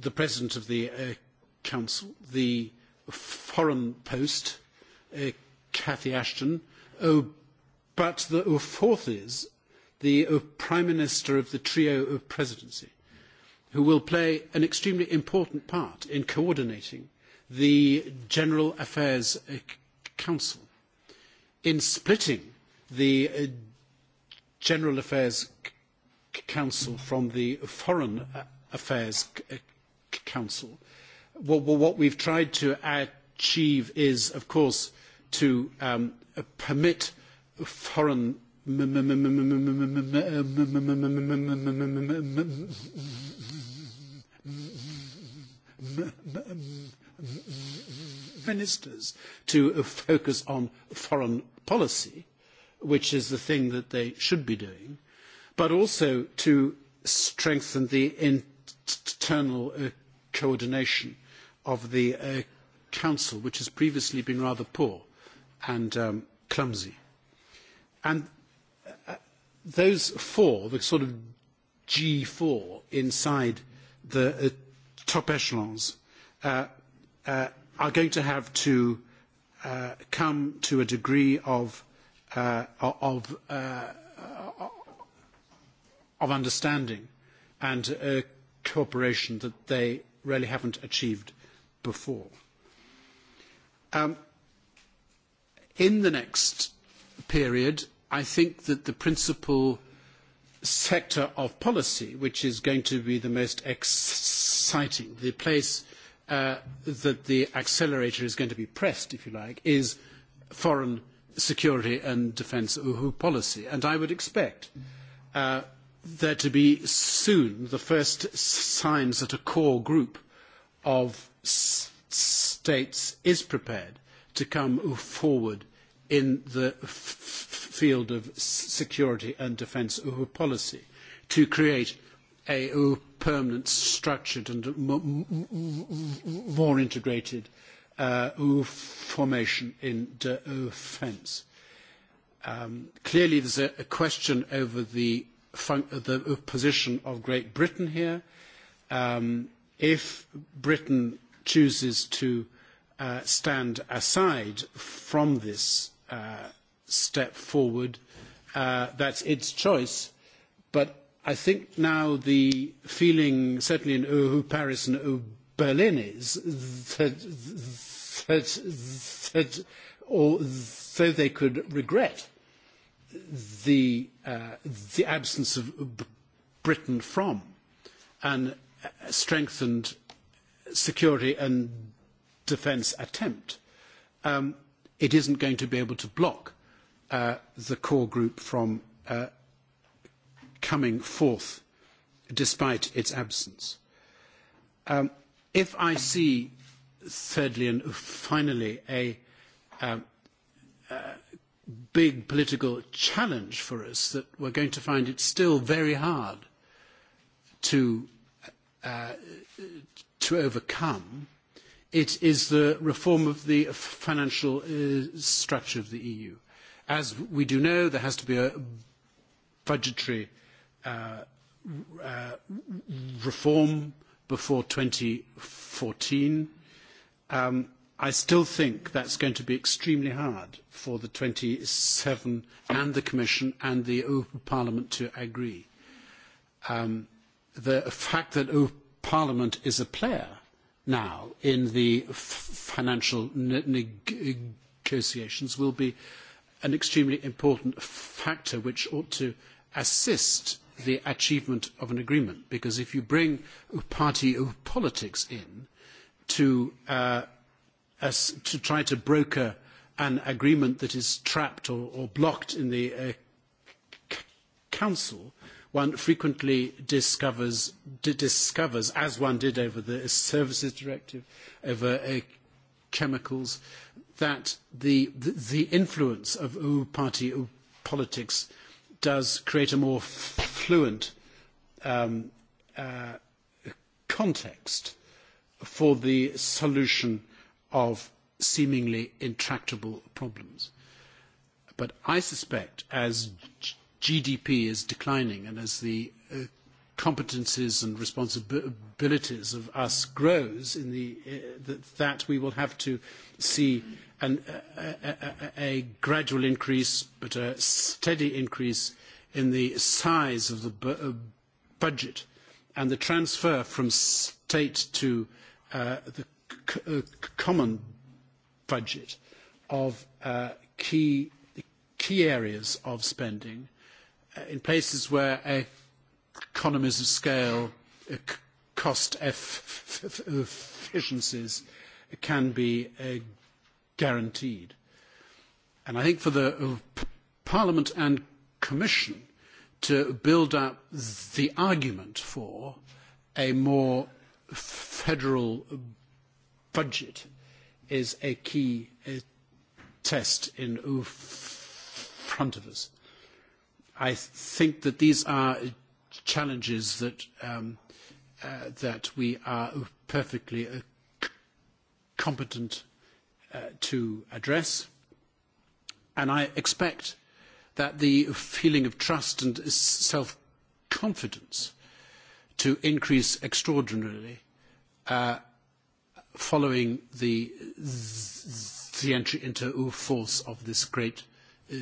the president of the uh, council, the foreign post, Uh, Cathy Ashton. Oh, but the oh, fourth is the oh, Prime Minister of the trio of presidency, who will play an extremely important part in coordinating the General Affairs uh, Council, in splitting the uh, General Affairs Council from the Foreign uh, Affairs Council. What, what we've tried to achieve is, of course, to um, uh, permit foreign ministers to focus on foreign policy, which is the thing that they should be doing, but also to strengthen the internal uh, coordination of the uh, Council, which has previously been rather poor and um, clumsy. And uh, those four, the sort of G4 inside the uh, top echelons, uh, uh, are going to have to uh, come to a degree of, uh, of, uh, of understanding and uh, cooperation that they really haven't achieved before. Um, in the next period, I think that the principal sector of policy, which is going to be the most exciting, the place uh, that the accelerator is going to be pressed, if you like, is foreign security and defence policy. And I would expect uh, there to be soon the first signs that a core group of states is prepared to come forward in the field of security and defence policy to create a permanent, structured and more integrated uh, formation in defence. Um, clearly, there's a, a question over the, the, position of Great Britain here. Um, if Britain chooses to Uh, stand aside from this uh, step forward. Uh, that's its choice. But I think now the feeling, certainly in Uhu, Paris and Uhu, Berlin, is that, that, that although they could regret the, uh, the absence of Britain from an uh, strengthened security and defence attempt, um, it isn't going to be able to block uh, the core group from uh, coming forth despite its absence. Um, if I see, thirdly and finally, a um, uh, big political challenge for us that we're going to find it still very hard to, uh, to overcome, it is the reform of the financial uh, structure of the EU. As we do know, there has to be a budgetary uh, uh, reform before 2014. Um, I still think that's going to be extremely hard for the 27 and the Commission and the o Parliament to agree. Um, the fact that Parliament is a player now in the financial negotiations will be an extremely important factor which ought to assist the achievement of an agreement because if you bring party politics in to, uh, as, to try to broker an agreement that is trapped or, or blocked in the uh, council, one frequently discovers, discovers, as one did over the Services Directive, over uh, chemicals, that the, the influence of party politics does create a more fluent um, uh, context for the solution of seemingly intractable problems. But I suspect, as GDP is declining and as the uh, competences and responsibilities of us grows in the, uh, that, that we will have to see an, uh, a, a, a gradual increase but a steady increase in the size of the bu uh, budget and the transfer from state to uh, the uh, common budget of uh, key, key areas of spending uh, in places where economies of scale, uh, cost efficiencies can be uh, guaranteed. And I think for the uh, Parliament and Commission to build up the argument for a more federal budget is a key test in front of us. I think that these are challenges that um, uh, that we are perfectly uh, competent uh, to address, and I expect that the feeling of trust and self confidence to increase extraordinarily uh, following the, the entry into force of this great uh,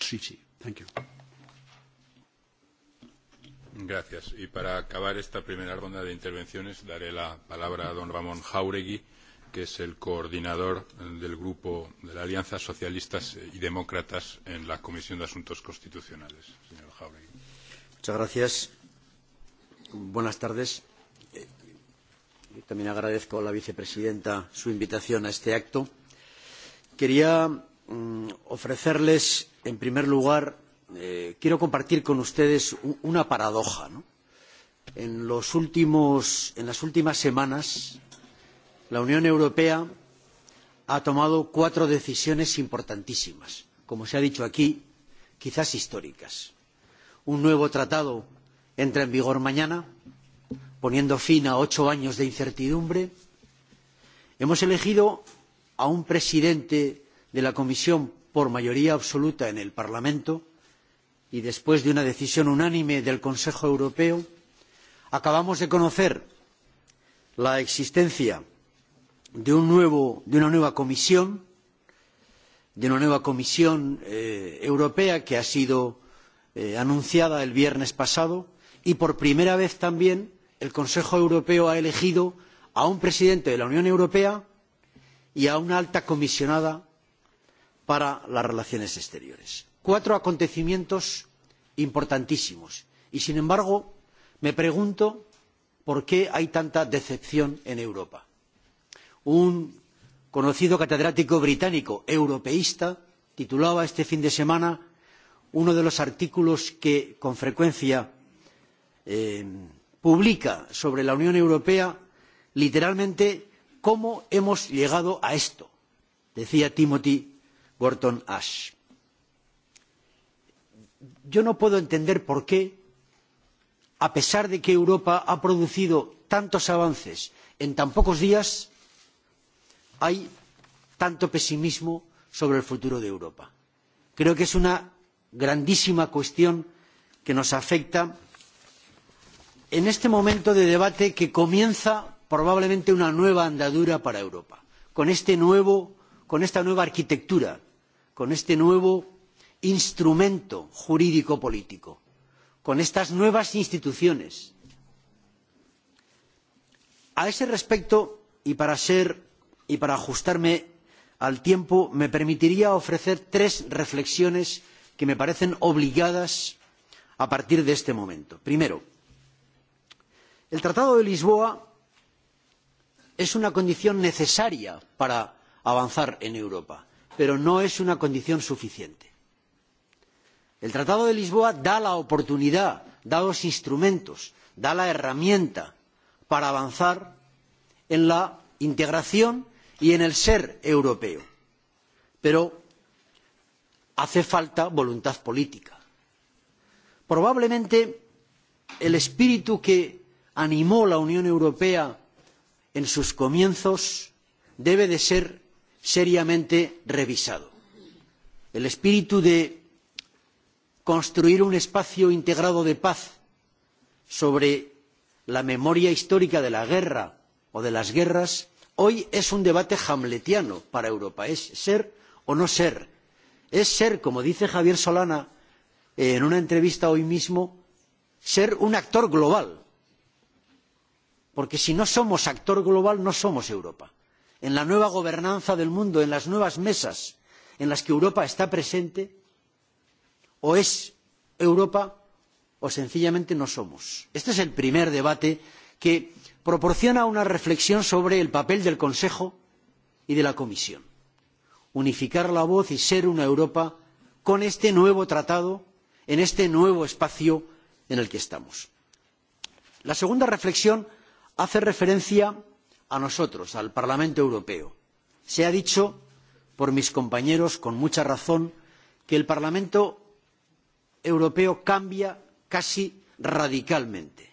treaty. Thank you. Gracias. Y para acabar esta primera ronda de intervenciones, daré la palabra a don Ramón Jáuregui, que es el coordinador del grupo de la Alianza Socialistas y Demócratas en la Comisión de Asuntos Constitucionales. Señor Jáuregui. Muchas gracias. Buenas tardes. Yo eh, también agradezco a la vicepresidenta su invitación a este acto. Quería mm, ofrecerles, en primer lugar, Eh, quiero compartir con ustedes una paradoja. ¿no? En, últimos, en las últimas semanas, la Unión Europea ha tomado cuatro decisiones importantísimas, como se ha dicho aquí, quizás históricas. Un nuevo tratado entra en vigor mañana, poniendo fin a ocho años de incertidumbre. Hemos elegido a un presidente de la Comisión por mayoría absoluta en el Parlamento y después de una decisión unánime del Consejo Europeo, acabamos de conocer la existencia de, un nuevo, de una nueva comisión, de una nueva comisión eh, europea que ha sido eh, anunciada el viernes pasado y por primera vez también el Consejo Europeo ha elegido a un presidente de la Unión Europea y a una alta comisionada para las relaciones exteriores cuatro acontecimientos importantísimos y sin embargo me pregunto por qué hay tanta decepción en europa. un conocido catedrático británico europeísta titulaba este fin de semana uno de los artículos que con frecuencia eh, publica sobre la unión europea literalmente cómo hemos llegado a esto decía timothy gorton ash yo no puedo entender por qué a pesar de que europa ha producido tantos avances en tan pocos días hay tanto pesimismo sobre el futuro de europa. creo que es una grandísima cuestión que nos afecta en este momento de debate que comienza probablemente una nueva andadura para europa con, este nuevo, con esta nueva arquitectura con este nuevo instrumento jurídico político con estas nuevas instituciones. a ese respecto y para, ser, y para ajustarme al tiempo me permitiría ofrecer tres reflexiones que me parecen obligadas a partir de este momento. primero el tratado de lisboa es una condición necesaria para avanzar en europa pero no es una condición suficiente el tratado de lisboa da la oportunidad da los instrumentos da la herramienta para avanzar en la integración y en el ser europeo pero hace falta voluntad política. probablemente el espíritu que animó la unión europea en sus comienzos debe ser seriamente revisado el espíritu de construir un espacio integrado de paz sobre la memoria histórica de la guerra o de las guerras hoy es un debate hamletiano para europa es ser o no ser es ser como dice javier solana eh, en una entrevista hoy mismo ser un actor global porque si no somos actor global no somos europa en la nueva gobernanza del mundo en las nuevas mesas en las que europa está presente o es Europa o sencillamente no somos. Este es el primer debate que proporciona una reflexión sobre el papel del Consejo y de la Comisión. Unificar la voz y ser una Europa con este nuevo tratado, en este nuevo espacio en el que estamos. La segunda reflexión hace referencia a nosotros, al Parlamento Europeo. Se ha dicho por mis compañeros con mucha razón que el Parlamento europeo cambia casi radicalmente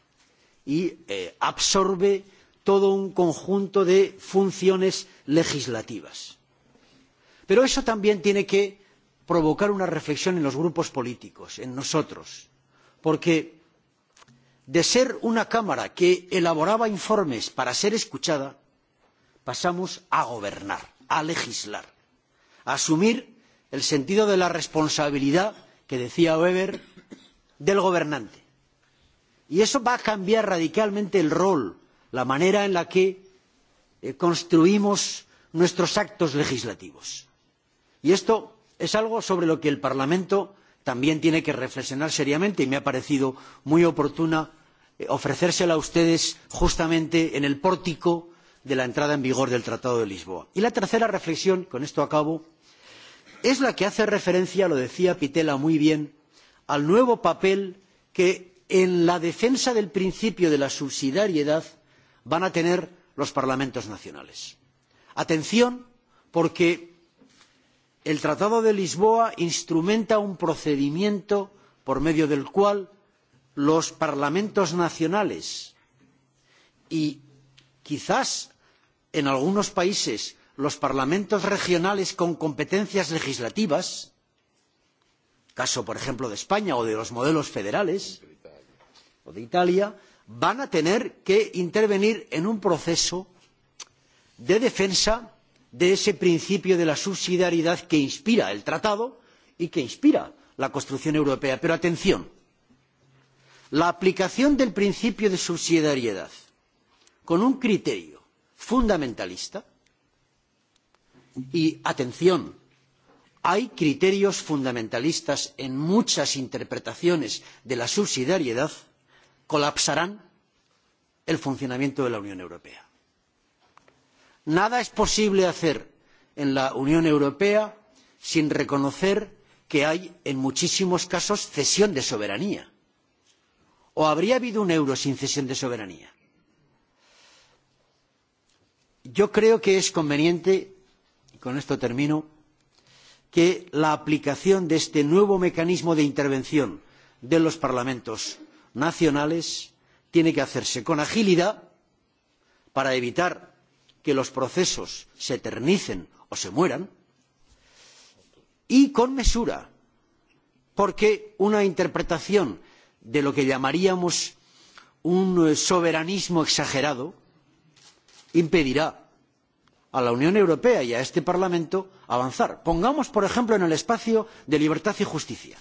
y eh, absorbe todo un conjunto de funciones legislativas. Pero eso también tiene que provocar una reflexión en los grupos políticos, en nosotros, porque de ser una Cámara que elaboraba informes para ser escuchada, pasamos a gobernar, a legislar, a asumir el sentido de la responsabilidad que decía Weber del gobernante. Y eso va a cambiar radicalmente el rol, la manera en la que eh, construimos nuestros actos legislativos. Y esto es algo sobre lo que el Parlamento también tiene que reflexionar seriamente y me ha parecido muy oportuna eh, ofrecérsela a ustedes justamente en el pórtico de la entrada en vigor del Tratado de Lisboa. Y la tercera reflexión, con esto acabo, es la que hace referencia lo decía pittella muy bien al nuevo papel que en la defensa del principio de la subsidiariedad van a tener los parlamentos nacionales. atención porque el tratado de lisboa instrumenta un procedimiento por medio del cual los parlamentos nacionales y quizás en algunos países los parlamentos regionales con competencias legislativas caso por ejemplo de españa o de los modelos federales o de italia van a tener que intervenir en un proceso de defensa de ese principio de la subsidiariedad que inspira el tratado y que inspira la construcción europea. pero atención la aplicación del principio de subsidiariedad con un criterio fundamentalista Y atención, hay criterios fundamentalistas en muchas interpretaciones de la subsidiariedad colapsarán el funcionamiento de la Unión Europea. Nada es posible hacer en la Unión Europea sin reconocer que hay en muchísimos casos cesión de soberanía. ¿O habría habido un euro sin cesión de soberanía? Yo creo que es conveniente con esto termino, que la aplicación de este nuevo mecanismo de intervención de los parlamentos nacionales tiene que hacerse con agilidad para evitar que los procesos se eternicen o se mueran y con mesura porque una interpretación de lo que llamaríamos un eh, soberanismo exagerado impedirá a la Unión Europea y a este Parlamento avanzar. Pongamos, por ejemplo, en el espacio de libertad y justicia,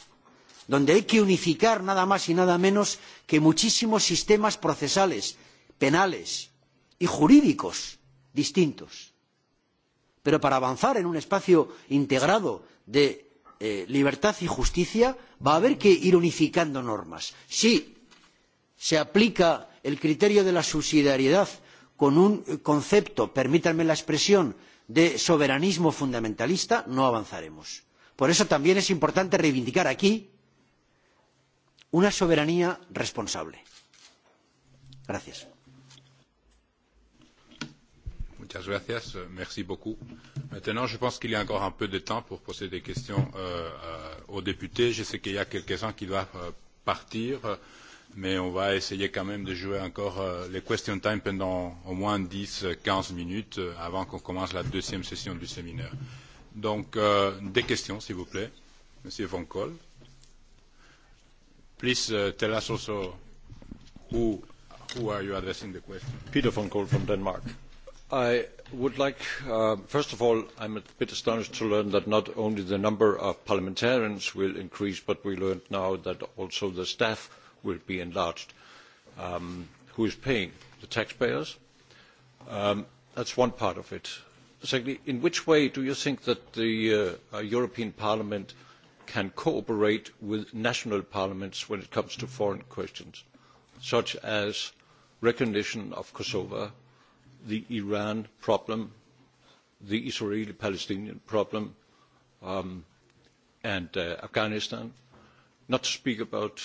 donde hay que unificar nada más y nada menos que muchísimos sistemas procesales, penales y jurídicos distintos. Pero para avanzar en un espacio integrado de eh, libertad y justicia va a haber que ir unificando normas. Sí, se aplica el criterio de la subsidiariedad con un concepto permítanme la expresión de soberanismo fundamentalista no avanzaremos. por eso también es importante reivindicar aquí una soberanía responsable. gracias. Muchas gracias. Merci beaucoup. Maintenant, je pense qu'il y a encore un peu de temps pour poser des questions euh, euh aux députés. Je sais qu'il y a quelques-uns qui doivent euh, partir. Euh, mais on va essayer quand même de jouer encore euh, les question time pendant au moins 10-15 minutes euh, avant qu'on commence la deuxième session du séminaire. Donc, euh, des questions, s'il vous plaît. Monsieur Von Kohl. Please uh, tell us also who, who are you addressing the question. Peter Von Kohl from Denmark. I would like, uh, first of all, I'm a bit astonished to learn that not only the number of parliamentarians will increase, but we learned now that also the staff – will be enlarged. Um, who is paying? The taxpayers? Um, that's one part of it. Secondly, in which way do you think that the uh, uh, European Parliament can cooperate with national parliaments when it comes to foreign questions, such as recognition of Kosovo, the Iran problem, the Israeli-Palestinian problem, um, and uh, Afghanistan, not to speak about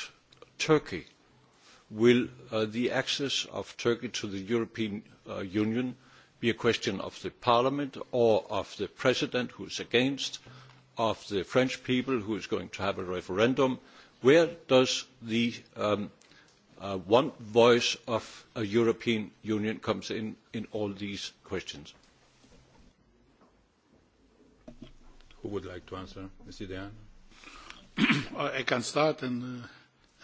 turkey will uh, the access of turkey to the european uh, union be a question of the parliament or of the president who is against of the french people who is going to have a referendum where does the um, uh, one voice of a european union come in in all these questions? who would like to answer? mr dehaene? i can start and uh,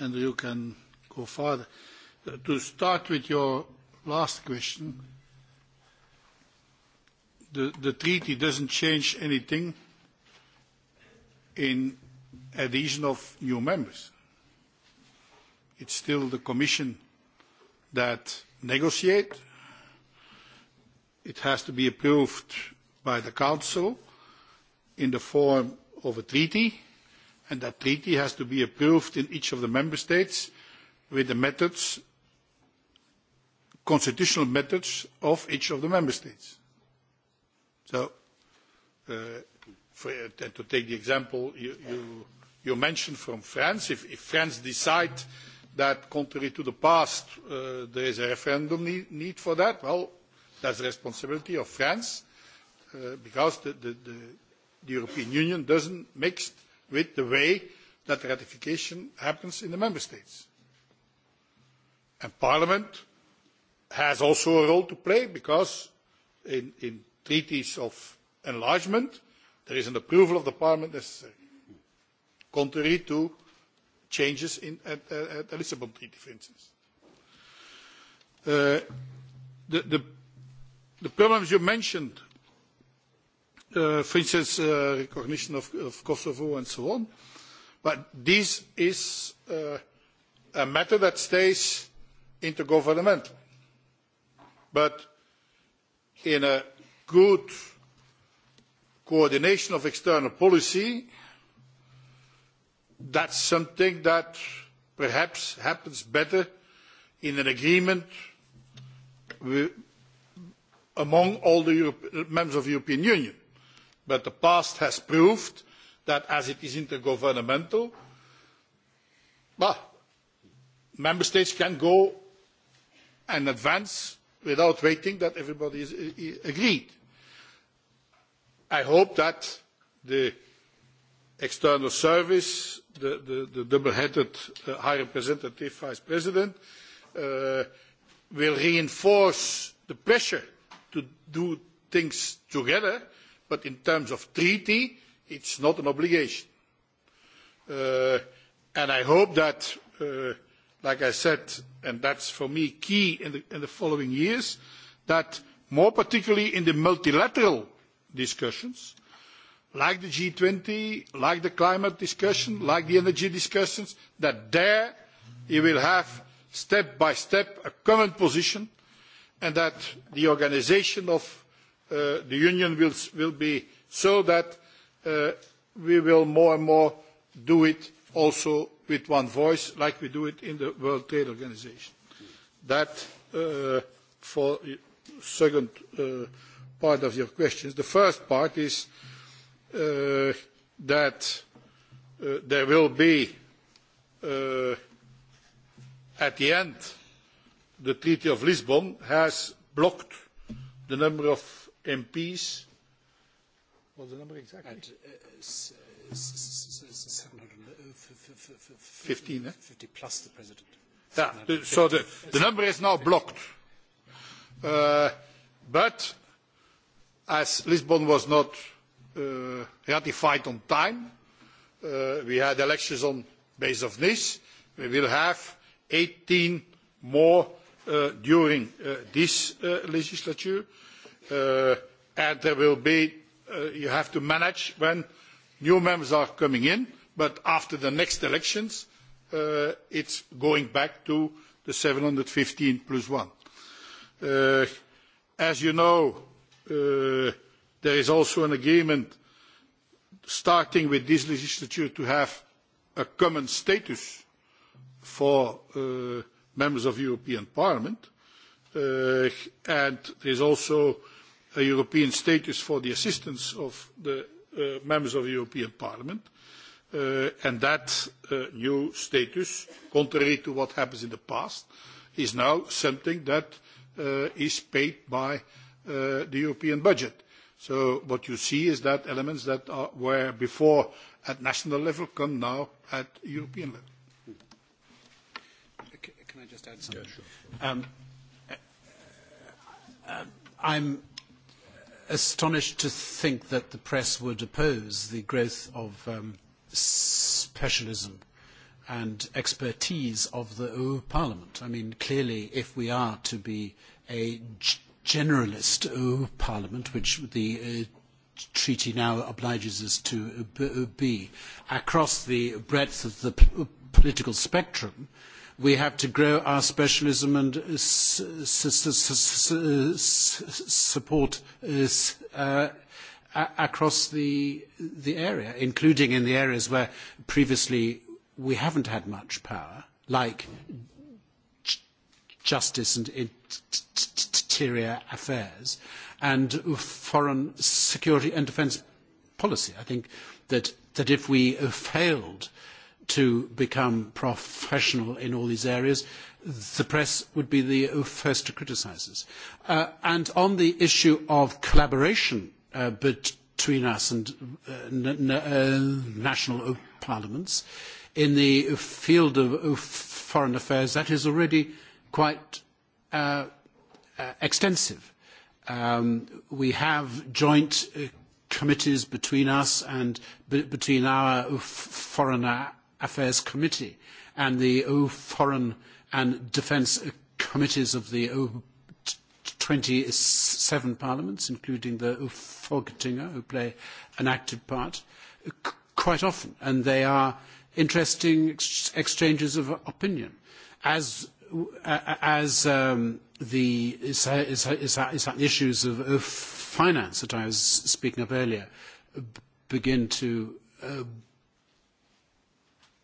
and you can go further. To start with your last question, the, the treaty doesn't change anything in addition of new members. It's still the Commission that negotiate. It has to be approved by the Council in the form of a treaty and that treaty has to be approved in each of the member states with the methods, constitutional methods of each of the member states. So, uh, for, uh, to take the example you, you, you mentioned from France, if, if France decides that contrary to the past uh, there is a referendum need, need for that, well, that's the responsibility of France uh, because the, the, the, the European Union doesn't mix with the way that ratification happens in the member states. And parliament has also a role to play because in, in treaties of enlargement there is an approval of the parliament necessary contrary to changes in, the lisbon treaty for instance. Uh, the, the, the problems you mentioned uh, for instance, uh, recognition of, of Kosovo and so on. But this is uh, a matter that stays intergovernmental. But in a good coordination of external policy, that's something that perhaps happens better in an agreement with, among all the Europe, members of the European Union but the past has proved that as it is intergovernmental member states can go and advance without waiting that everybody is agreed. i hope that the external service the, double headed uh, high representative vice president uh, will reinforce the pressure to do things together but in terms of treaty, it's not an obligation. Uh, and I hope that, uh, like I said, and that's for me key in the, in the following years, that more particularly in the multilateral discussions, like the G20, like the climate discussion, like the energy discussions, that there you will have step by step a common position and that the organisation of Uh, the union will, will be so that uh, we will more and more do it also with one voice like we do it in the World Trade Organization. That uh, for the second part of your questions. The first part is that Uh, there will be uh, at the end the treaty of lisbon has blocked the number of MPs. What's the number exactly? At, uh, 750 uh, eh? 50 plus the president. Yeah, so the, the number is now blocked. Uh, but as Lisbon was not uh, ratified on time, uh, we had elections on base of Nice. We will have 18 more uh, during uh, this uh, legislature. Uh, Uh, and there will be uh, you have to manage when new members are coming in but after the next elections uh, it is going back to the seven hundred and fifteen plus one. as you know there is also an agreement starting with this legislature to have a common status for members of the European Parliament. and there is also a European status for the assistance of the uh, members of the European Parliament. Uh, and that uh, new status, contrary to what happens in the past, is now something that uh, is paid by uh, the European budget. So what you see is that elements that are, were before at national level come now at European level. Can I just add something? Yeah, sure. um, uh, I'm astonished to think that the press would oppose the growth of um, specialism and expertise of the uh, Parliament. I mean, clearly, if we are to be a generalist uh, Parliament, which the uh, treaty now obliges us to be, across the breadth of the political spectrum, uh, we have to grow our specialism and support across the area, including in the areas where previously we haven't had much power, like justice and interior affairs, and foreign security and defence policy. I think that if we failed to become professional in all these areas, the press would be the first to criticise us. Uh, and on the issue of collaboration uh, between us and uh, uh national parliaments, in the field of foreign affairs, that is already quite uh, uh, extensive. Um, we have joint committees between us and between our foreign Affairs Committee and the Foreign and Defence Committees of the oh, 27 parliaments, including the oh, Fogtinger, who play an active part, quite often. And they are interesting ex exchanges of opinion. As as um, the is, is, is, issues of, finance that I was speaking of earlier begin to uh,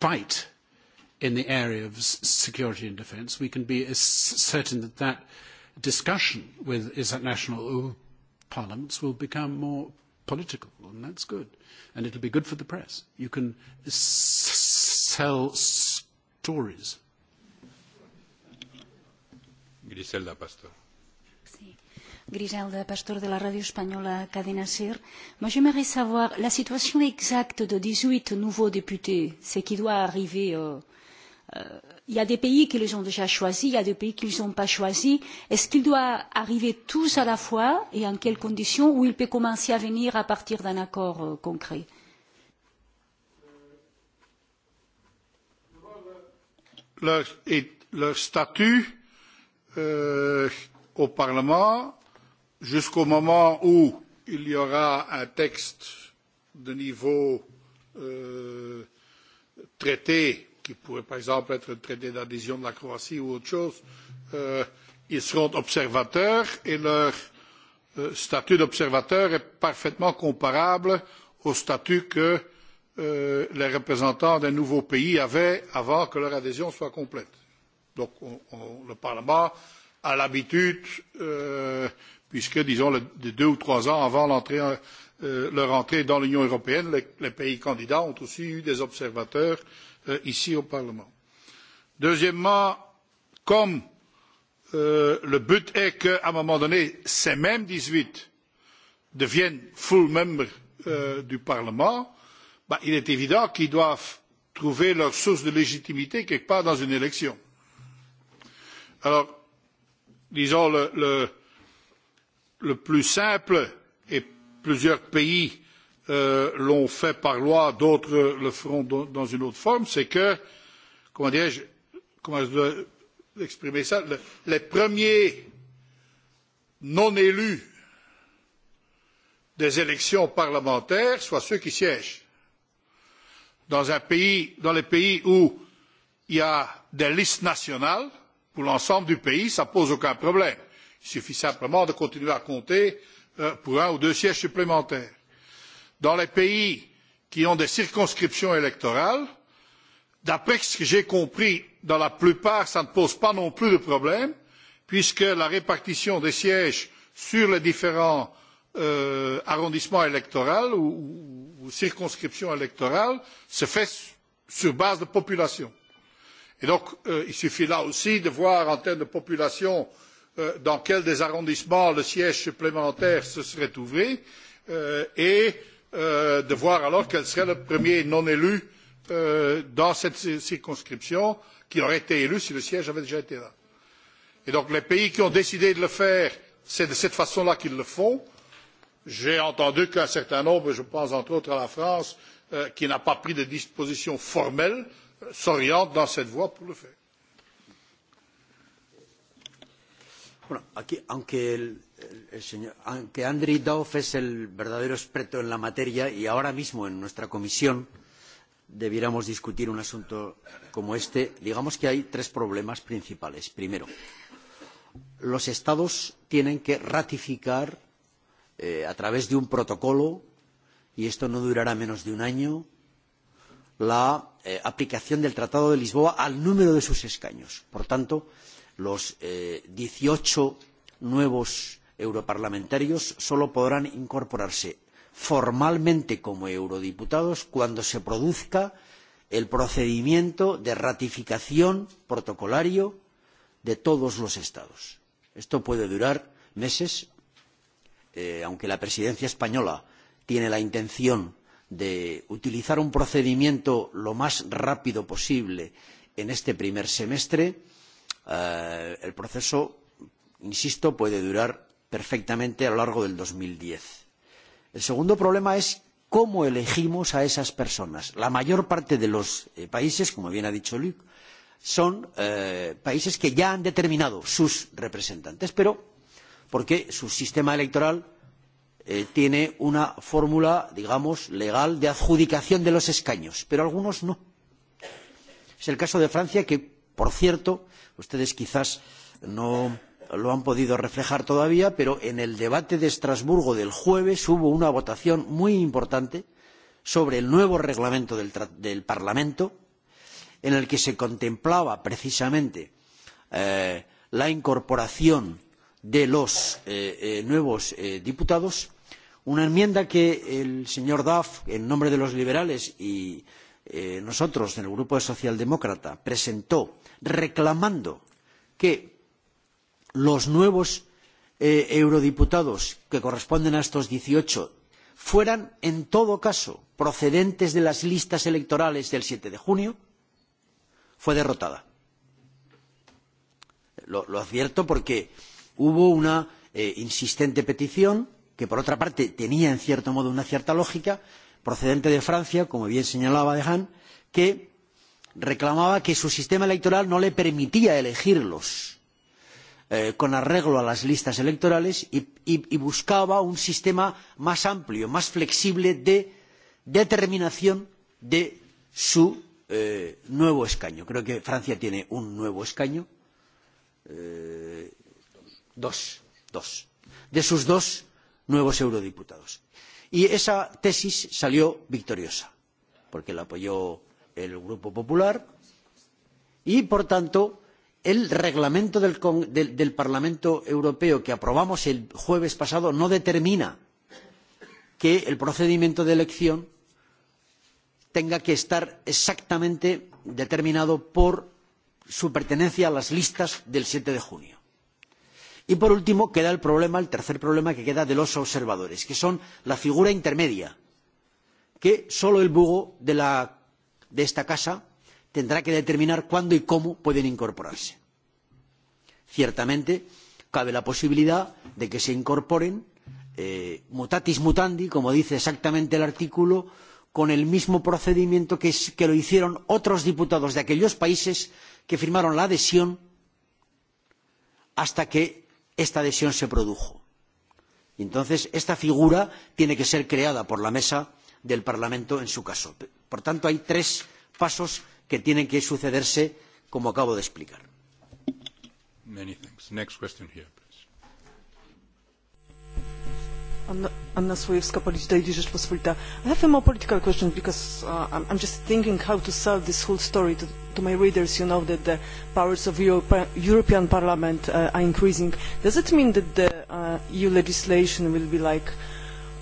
bite in the area of security and defence, we can be certain that that discussion with national parliaments will become more political, and that's good. And it'll be good for the press. You can sell stories. Griselda Pastor. Griselda Pastor de la radio espagnole Cadena Ser. Moi, j'aimerais savoir la situation exacte de 18 nouveaux députés, qui doit arriver. Euh, euh, il y a des pays qui les ont déjà choisis, il y a des pays qui ne les ont pas choisis. Est-ce qu'ils doivent arriver tous à la fois et en quelles conditions ou ils peuvent commencer à venir à partir d'un accord euh, concret leur, et, leur statut euh, au Parlement jusqu'au moment où il y aura un texte de niveau euh, traité, qui pourrait par exemple être le traité d'adhésion de la Croatie ou autre chose, euh, ils seront observateurs et leur euh, statut d'observateur est parfaitement comparable au statut que euh, les représentants d'un nouveau pays avaient avant que leur adhésion soit complète. Donc on, on, le Parlement a l'habitude euh, puisque, disons, le, de deux ou trois ans avant l'entrée, euh, leur entrée dans l'Union européenne, les, les pays candidats ont aussi eu des observateurs euh, ici au Parlement. Deuxièmement, comme euh, le but est qu'à un moment donné, ces mêmes 18 deviennent full members euh, du Parlement, bah, il est évident qu'ils doivent trouver leur source de légitimité quelque part dans une élection. Alors, disons, le, le, le plus simple et plusieurs pays euh, l'ont fait par loi, d'autres le feront dans une autre forme, c'est que, comment dirais-je, comment je dois exprimer ça, le, les premiers non élus des élections parlementaires soient ceux qui siègent. Dans, un pays, dans les pays où il y a des listes nationales, pour l'ensemble du pays, ça pose aucun problème Il suffit simplement de continuer à compter euh, pour un ou deux sièges supplémentaires. Dans les pays qui ont des circonscriptions électorales, d'après ce que j'ai compris, dans la plupart, ça ne pose pas non plus de problème, puisque la répartition des sièges sur les différents euh, arrondissements électoraux ou, ou, ou circonscriptions électorales se fait sur base de population. Et donc, euh, il suffit là aussi de voir en termes de population euh, Euh, dans quel des arrondissements le siège supplémentaire se serait trouvé euh, et euh, de voir alors quel serait le premier non élu dans cette circonscription qui aurait été élu si le siège avait déjà été là. Et donc les pays qui ont décidé de le faire, c'est de cette façon-là qu'ils le font. J'ai entendu qu'un certain nombre, je pense entre autres à la France, qui n'a pas pris de disposition formelle, s'orientent dans cette voie pour le faire. Bueno, aquí, aunque, el, el señor, aunque Andriy Dauf es el verdadero experto en la materia y ahora mismo en nuestra comisión debiéramos discutir un asunto como este, digamos que hay tres problemas principales. Primero, los Estados tienen que ratificar eh, a través de un protocolo, y esto no durará menos de un año, la eh, aplicación del Tratado de Lisboa al número de sus escaños. Por tanto, eh, los eh, dieciocho nuevos europarlamentarios solo podrán incorporarse formalmente como eurodiputados cuando se produzca el procedimiento de ratificación protocolario de todos los estados. Esto puede durar meses, eh, aunque la presidencia española tiene la intención de utilizar un procedimiento lo más rápido posible en este primer semestre Eh, el proceso, insisto, puede durar perfectamente a lo largo del 2010. El segundo problema es cómo elegimos a esas personas. La mayor parte de los eh, países, como bien ha dicho Luc, son eh, países que ya han determinado sus representantes, pero porque su sistema electoral eh, tiene una fórmula, digamos, legal de adjudicación de los escaños, pero algunos no. Es el caso de Francia, que, por cierto, Ustedes quizás no lo han podido reflejar todavía, pero en el debate de Estrasburgo del jueves hubo una votación muy importante sobre el nuevo reglamento del, del Parlamento, en el que se contemplaba precisamente eh, la incorporación de los eh, eh, nuevos eh, diputados, una enmienda que el señor Duff, en nombre de los liberales y eh, nosotros, en el Grupo Socialdemócrata, presentó reclamando que los nuevos eh, eurodiputados que corresponden a estos dieciocho fueran, en todo caso, procedentes de las listas electorales del siete de junio, fue derrotada. Lo, lo advierto porque hubo una eh, insistente petición que, por otra parte, tenía, en cierto modo, una cierta lógica, procedente de Francia, como bien señalaba Dehan, que reclamaba que su sistema electoral no le permitía elegirlos eh, con arreglo a las listas electorales y, y, y buscaba un sistema más amplio, más flexible de determinación de su eh, nuevo escaño. Creo que Francia tiene un nuevo escaño. Eh, dos, dos. De sus dos nuevos eurodiputados. Y esa tesis salió victoriosa, porque la apoyó el Grupo Popular y, por tanto, el reglamento del, Parlamento Europeo que aprobamos el jueves pasado no determina que el procedimiento de elección tenga que estar exactamente determinado por su pertenencia a las listas del siete de junio. Y por último queda el problema, el tercer problema que queda de los observadores, que son la figura intermedia, que solo el bugo de la de esta casa tendrá que determinar cuándo y cómo pueden incorporarse. Ciertamente, cabe la posibilidad de que se incorporen eh, mutatis mutandi, como dice exactamente el artículo, con el mismo procedimiento que, que lo hicieron otros diputados de aquellos países que firmaron la adhesión hasta que esta adhesión se produjo. Y entonces, esta figura tiene que ser creada por la mesa del Parlamento en su caso por tanto hay tres pasos que tienen que sucederse como acabo de explicar. Here, Anna, Anna Swojewska, Polish Rzeczpospolita. I have a more political question because uh, I'm, I'm just thinking how to sell this whole story to, to my readers. You know that the powers of Europe, European Parliament uh, are increasing. Does it mean that the uh, EU legislation will be like uh,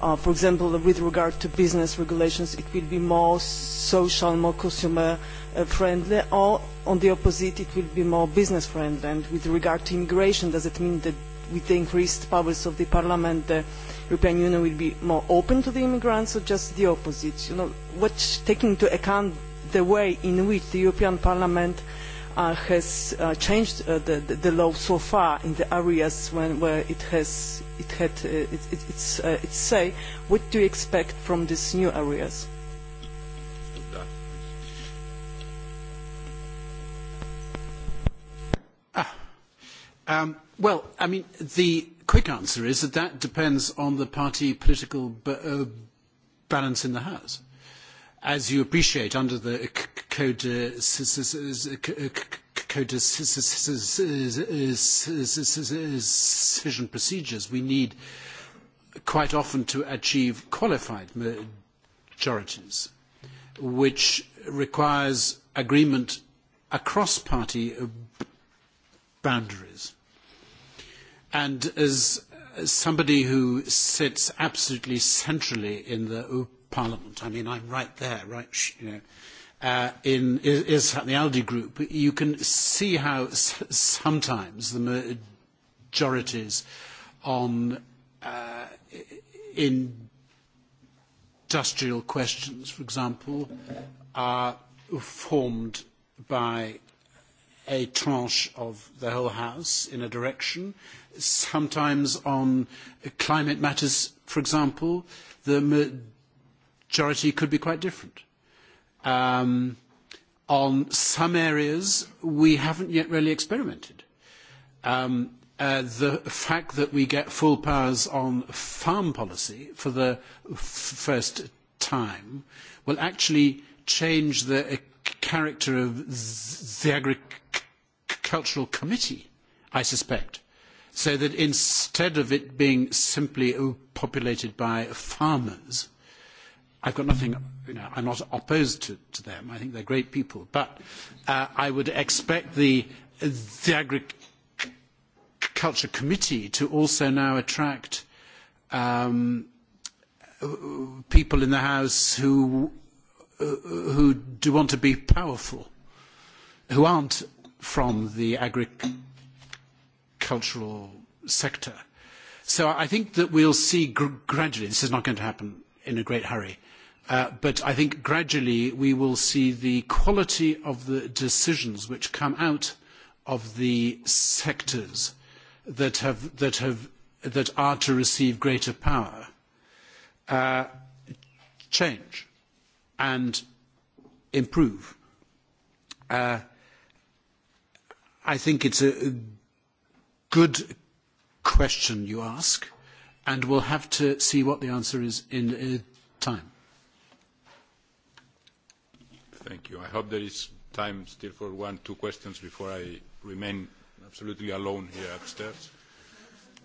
Uh, for example, uh, with regard to business regulations, it will be more social, more consumer uh, friendly, or on the opposite, it will be more business friendly. And with regard to immigration, does it mean that with the increased powers of the parliament, the European Union will be more open to the immigrants, or just the opposite? You know, what, taking into account the way in which the European Parliament uh, uh, has uh, changed uh, the, the, the law so far in the areas when, where it has it had uh, it, it, its, uh, its say. What do you expect from these new areas? Ah. Um, well, I mean, the quick answer is that that depends on the party political b- uh, balance in the House as you appreciate, under the codecision procedures, we need quite often to achieve qualified majorities, which requires agreement across party boundaries. And as somebody who sits absolutely centrally in the Parliament. I mean, I'm right there, right? You know, uh, in is, the Aldi Group. You can see how sometimes the majorities on uh, industrial questions, for example, are formed by a tranche of the whole House in a direction. Sometimes on climate matters, for example, the Majority could be quite different. Um, on some areas, we haven't yet really experimented. Um, uh, the fact that we get full powers on farm policy for the f- first time will actually change the uh, character of the agricultural committee, I suspect, so that instead of it being simply populated by farmers, I've got nothing, you know, I'm not opposed to, to them. I think they're great people. But uh, I would expect the, the Agriculture Committee to also now attract um, people in the House who, uh, who do want to be powerful, who aren't from the agricultural sector. So I think that we'll see gr gradually, this is not going to happen in a great hurry, Uh, but I think gradually we will see the quality of the decisions which come out of the sectors that, have, that, have, that are to receive greater power uh, change and improve. Uh, I think it's a good question you ask, and we'll have to see what the answer is in uh, time. Thank you. I hope there is time still for one, two questions before I remain absolutely alone here upstairs.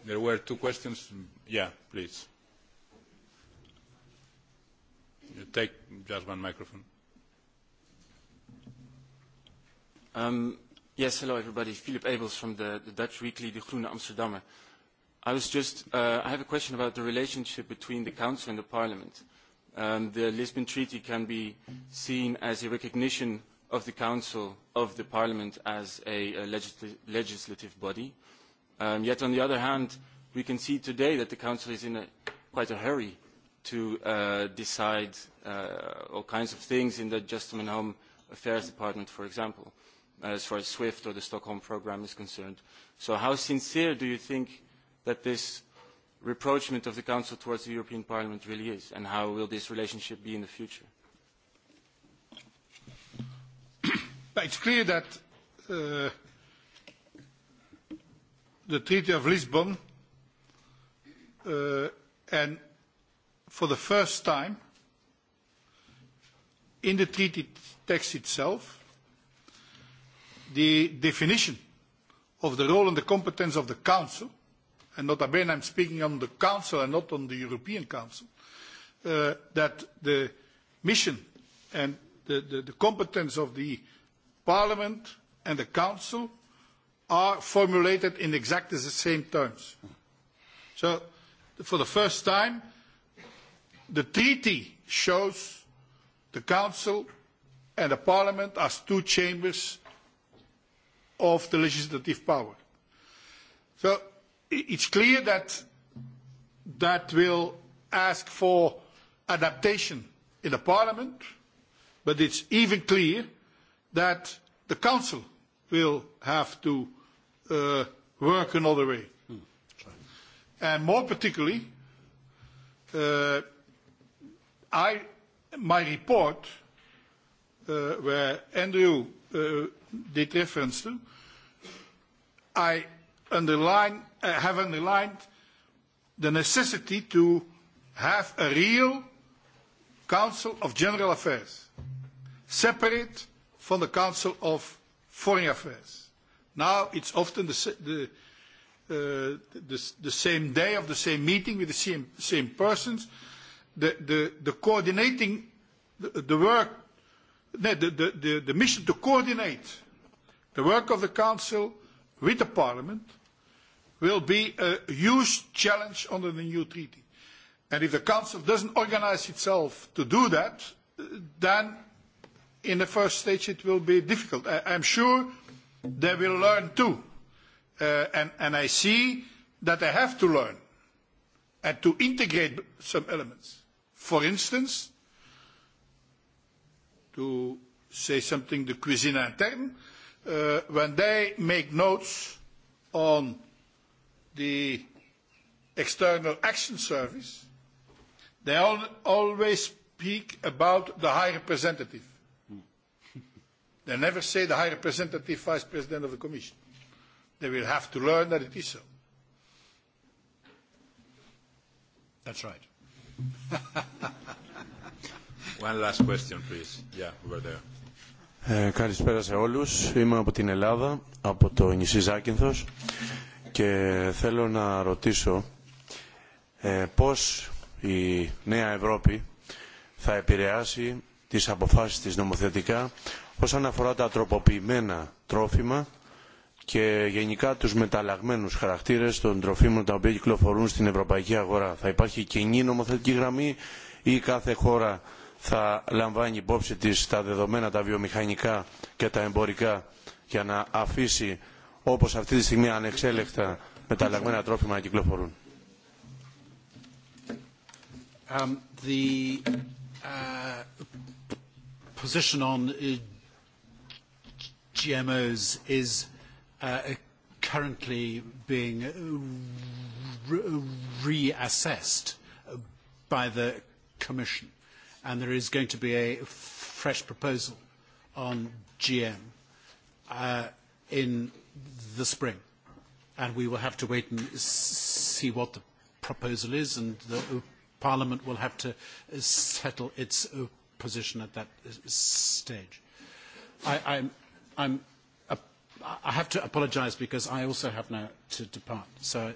There were two questions. Yeah, please. You take just one microphone. Um, yes, hello everybody. Philip Abels from the, the Dutch weekly De Groene Amsterdammer. I was just, uh, I have a question about the relationship between the Council and the Parliament and the Lisbon Treaty can be seen as a recognition of the Council of the Parliament as a, a legisl legislative body. Um, yet, on the other hand, we can see today that the Council is in a, quite a hurry to uh, decide uh, all kinds of things in the Justice and Home Affairs Department, for example, as far as SWIFT or the Stockholm Programme is concerned. So how sincere do you think that this rapprochement of the Council towards the European Parliament really is, and how will this relationship be in the future? it's clear that uh, the Treaty of Lisbon uh, and for the first time in the treaty text itself the definition of the role and the competence of the Council and nota bene I'm speaking on the Council and not on the European Council, uh, that the mission and the, the, the competence of the Parliament and the Council are formulated in exactly the same terms. So, for the first time, the treaty shows the Council and the Parliament as two chambers of the legislative power. So it's clear that that will ask for adaptation in the parliament, but it's even clear that the council will have to uh, work another way. Mm. And more particularly, uh, I, my report, uh, where Andrew uh, did reference to, I underline, uh, have underlined the necessity to have a real Council of General Affairs, separate from the Council of Foreign Affairs. Now it's often the, the, uh, the, the same day of the same meeting with the same, same persons. The, the, the coordinating, the, the work, the, the, the, the mission to coordinate the work of the Council with the Parliament will be a huge challenge under the new treaty. And if the Council doesn't organize itself to do that, then in the first stage it will be difficult. I, I'm sure they will learn too. Uh, and, and I see that they have to learn and to integrate some elements. For instance, to say something, the cuisine interne, uh, when they make notes on the External Action Service, they all, always speak about the High Representative. Hmm. they never say the High Representative Vice President of the Commission. They will have to learn that it is so. That's right. One last question, please. Yeah, over there. Ε, καλησπέρα σε όλους. Είμαι από την Ελλάδα, από το νησί Ζάκυνθος και θέλω να ρωτήσω ε, πώς η Νέα Ευρώπη θα επηρεάσει τις αποφάσεις της νομοθετικά όσον αφορά τα τροποποιημένα τρόφιμα και γενικά τους μεταλλαγμένους χαρακτήρες των τροφίμων τα οποία κυκλοφορούν στην ευρωπαϊκή αγορά. Θα υπάρχει κοινή νομοθετική γραμμή ή κάθε χώρα θα λαμβάνει υπόψη της τα δεδομένα τα βιομηχανικά και τα εμπορικά για να αφήσει όπως αυτή τη στιγμή ανεξέλεκτα μεταλλαγμένα τρόφιμα κυκλοφορούν. Um, the uh, position on uh, GMOs is uh, currently being reassessed by the Commission, and there is going to be a fresh proposal on GM uh, in the spring. And we will have to wait and see what the proposal is, and the uh, Parliament will have to uh, settle its uh, position at that stage. I, I'm, I'm, I have to apologise because I also have now to depart. So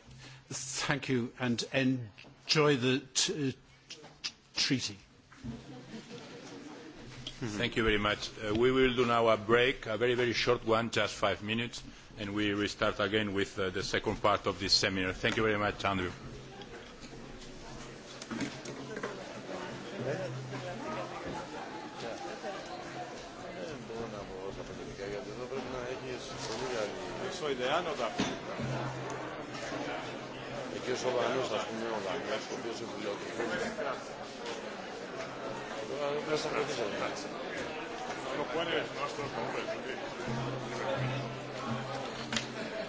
thank you and enjoy the t treaty. Thank you very much. Uh, we will do now a break, a very, very short one, just five minutes and we will start again with uh, the second part of this seminar. Thank you very much, Andrew.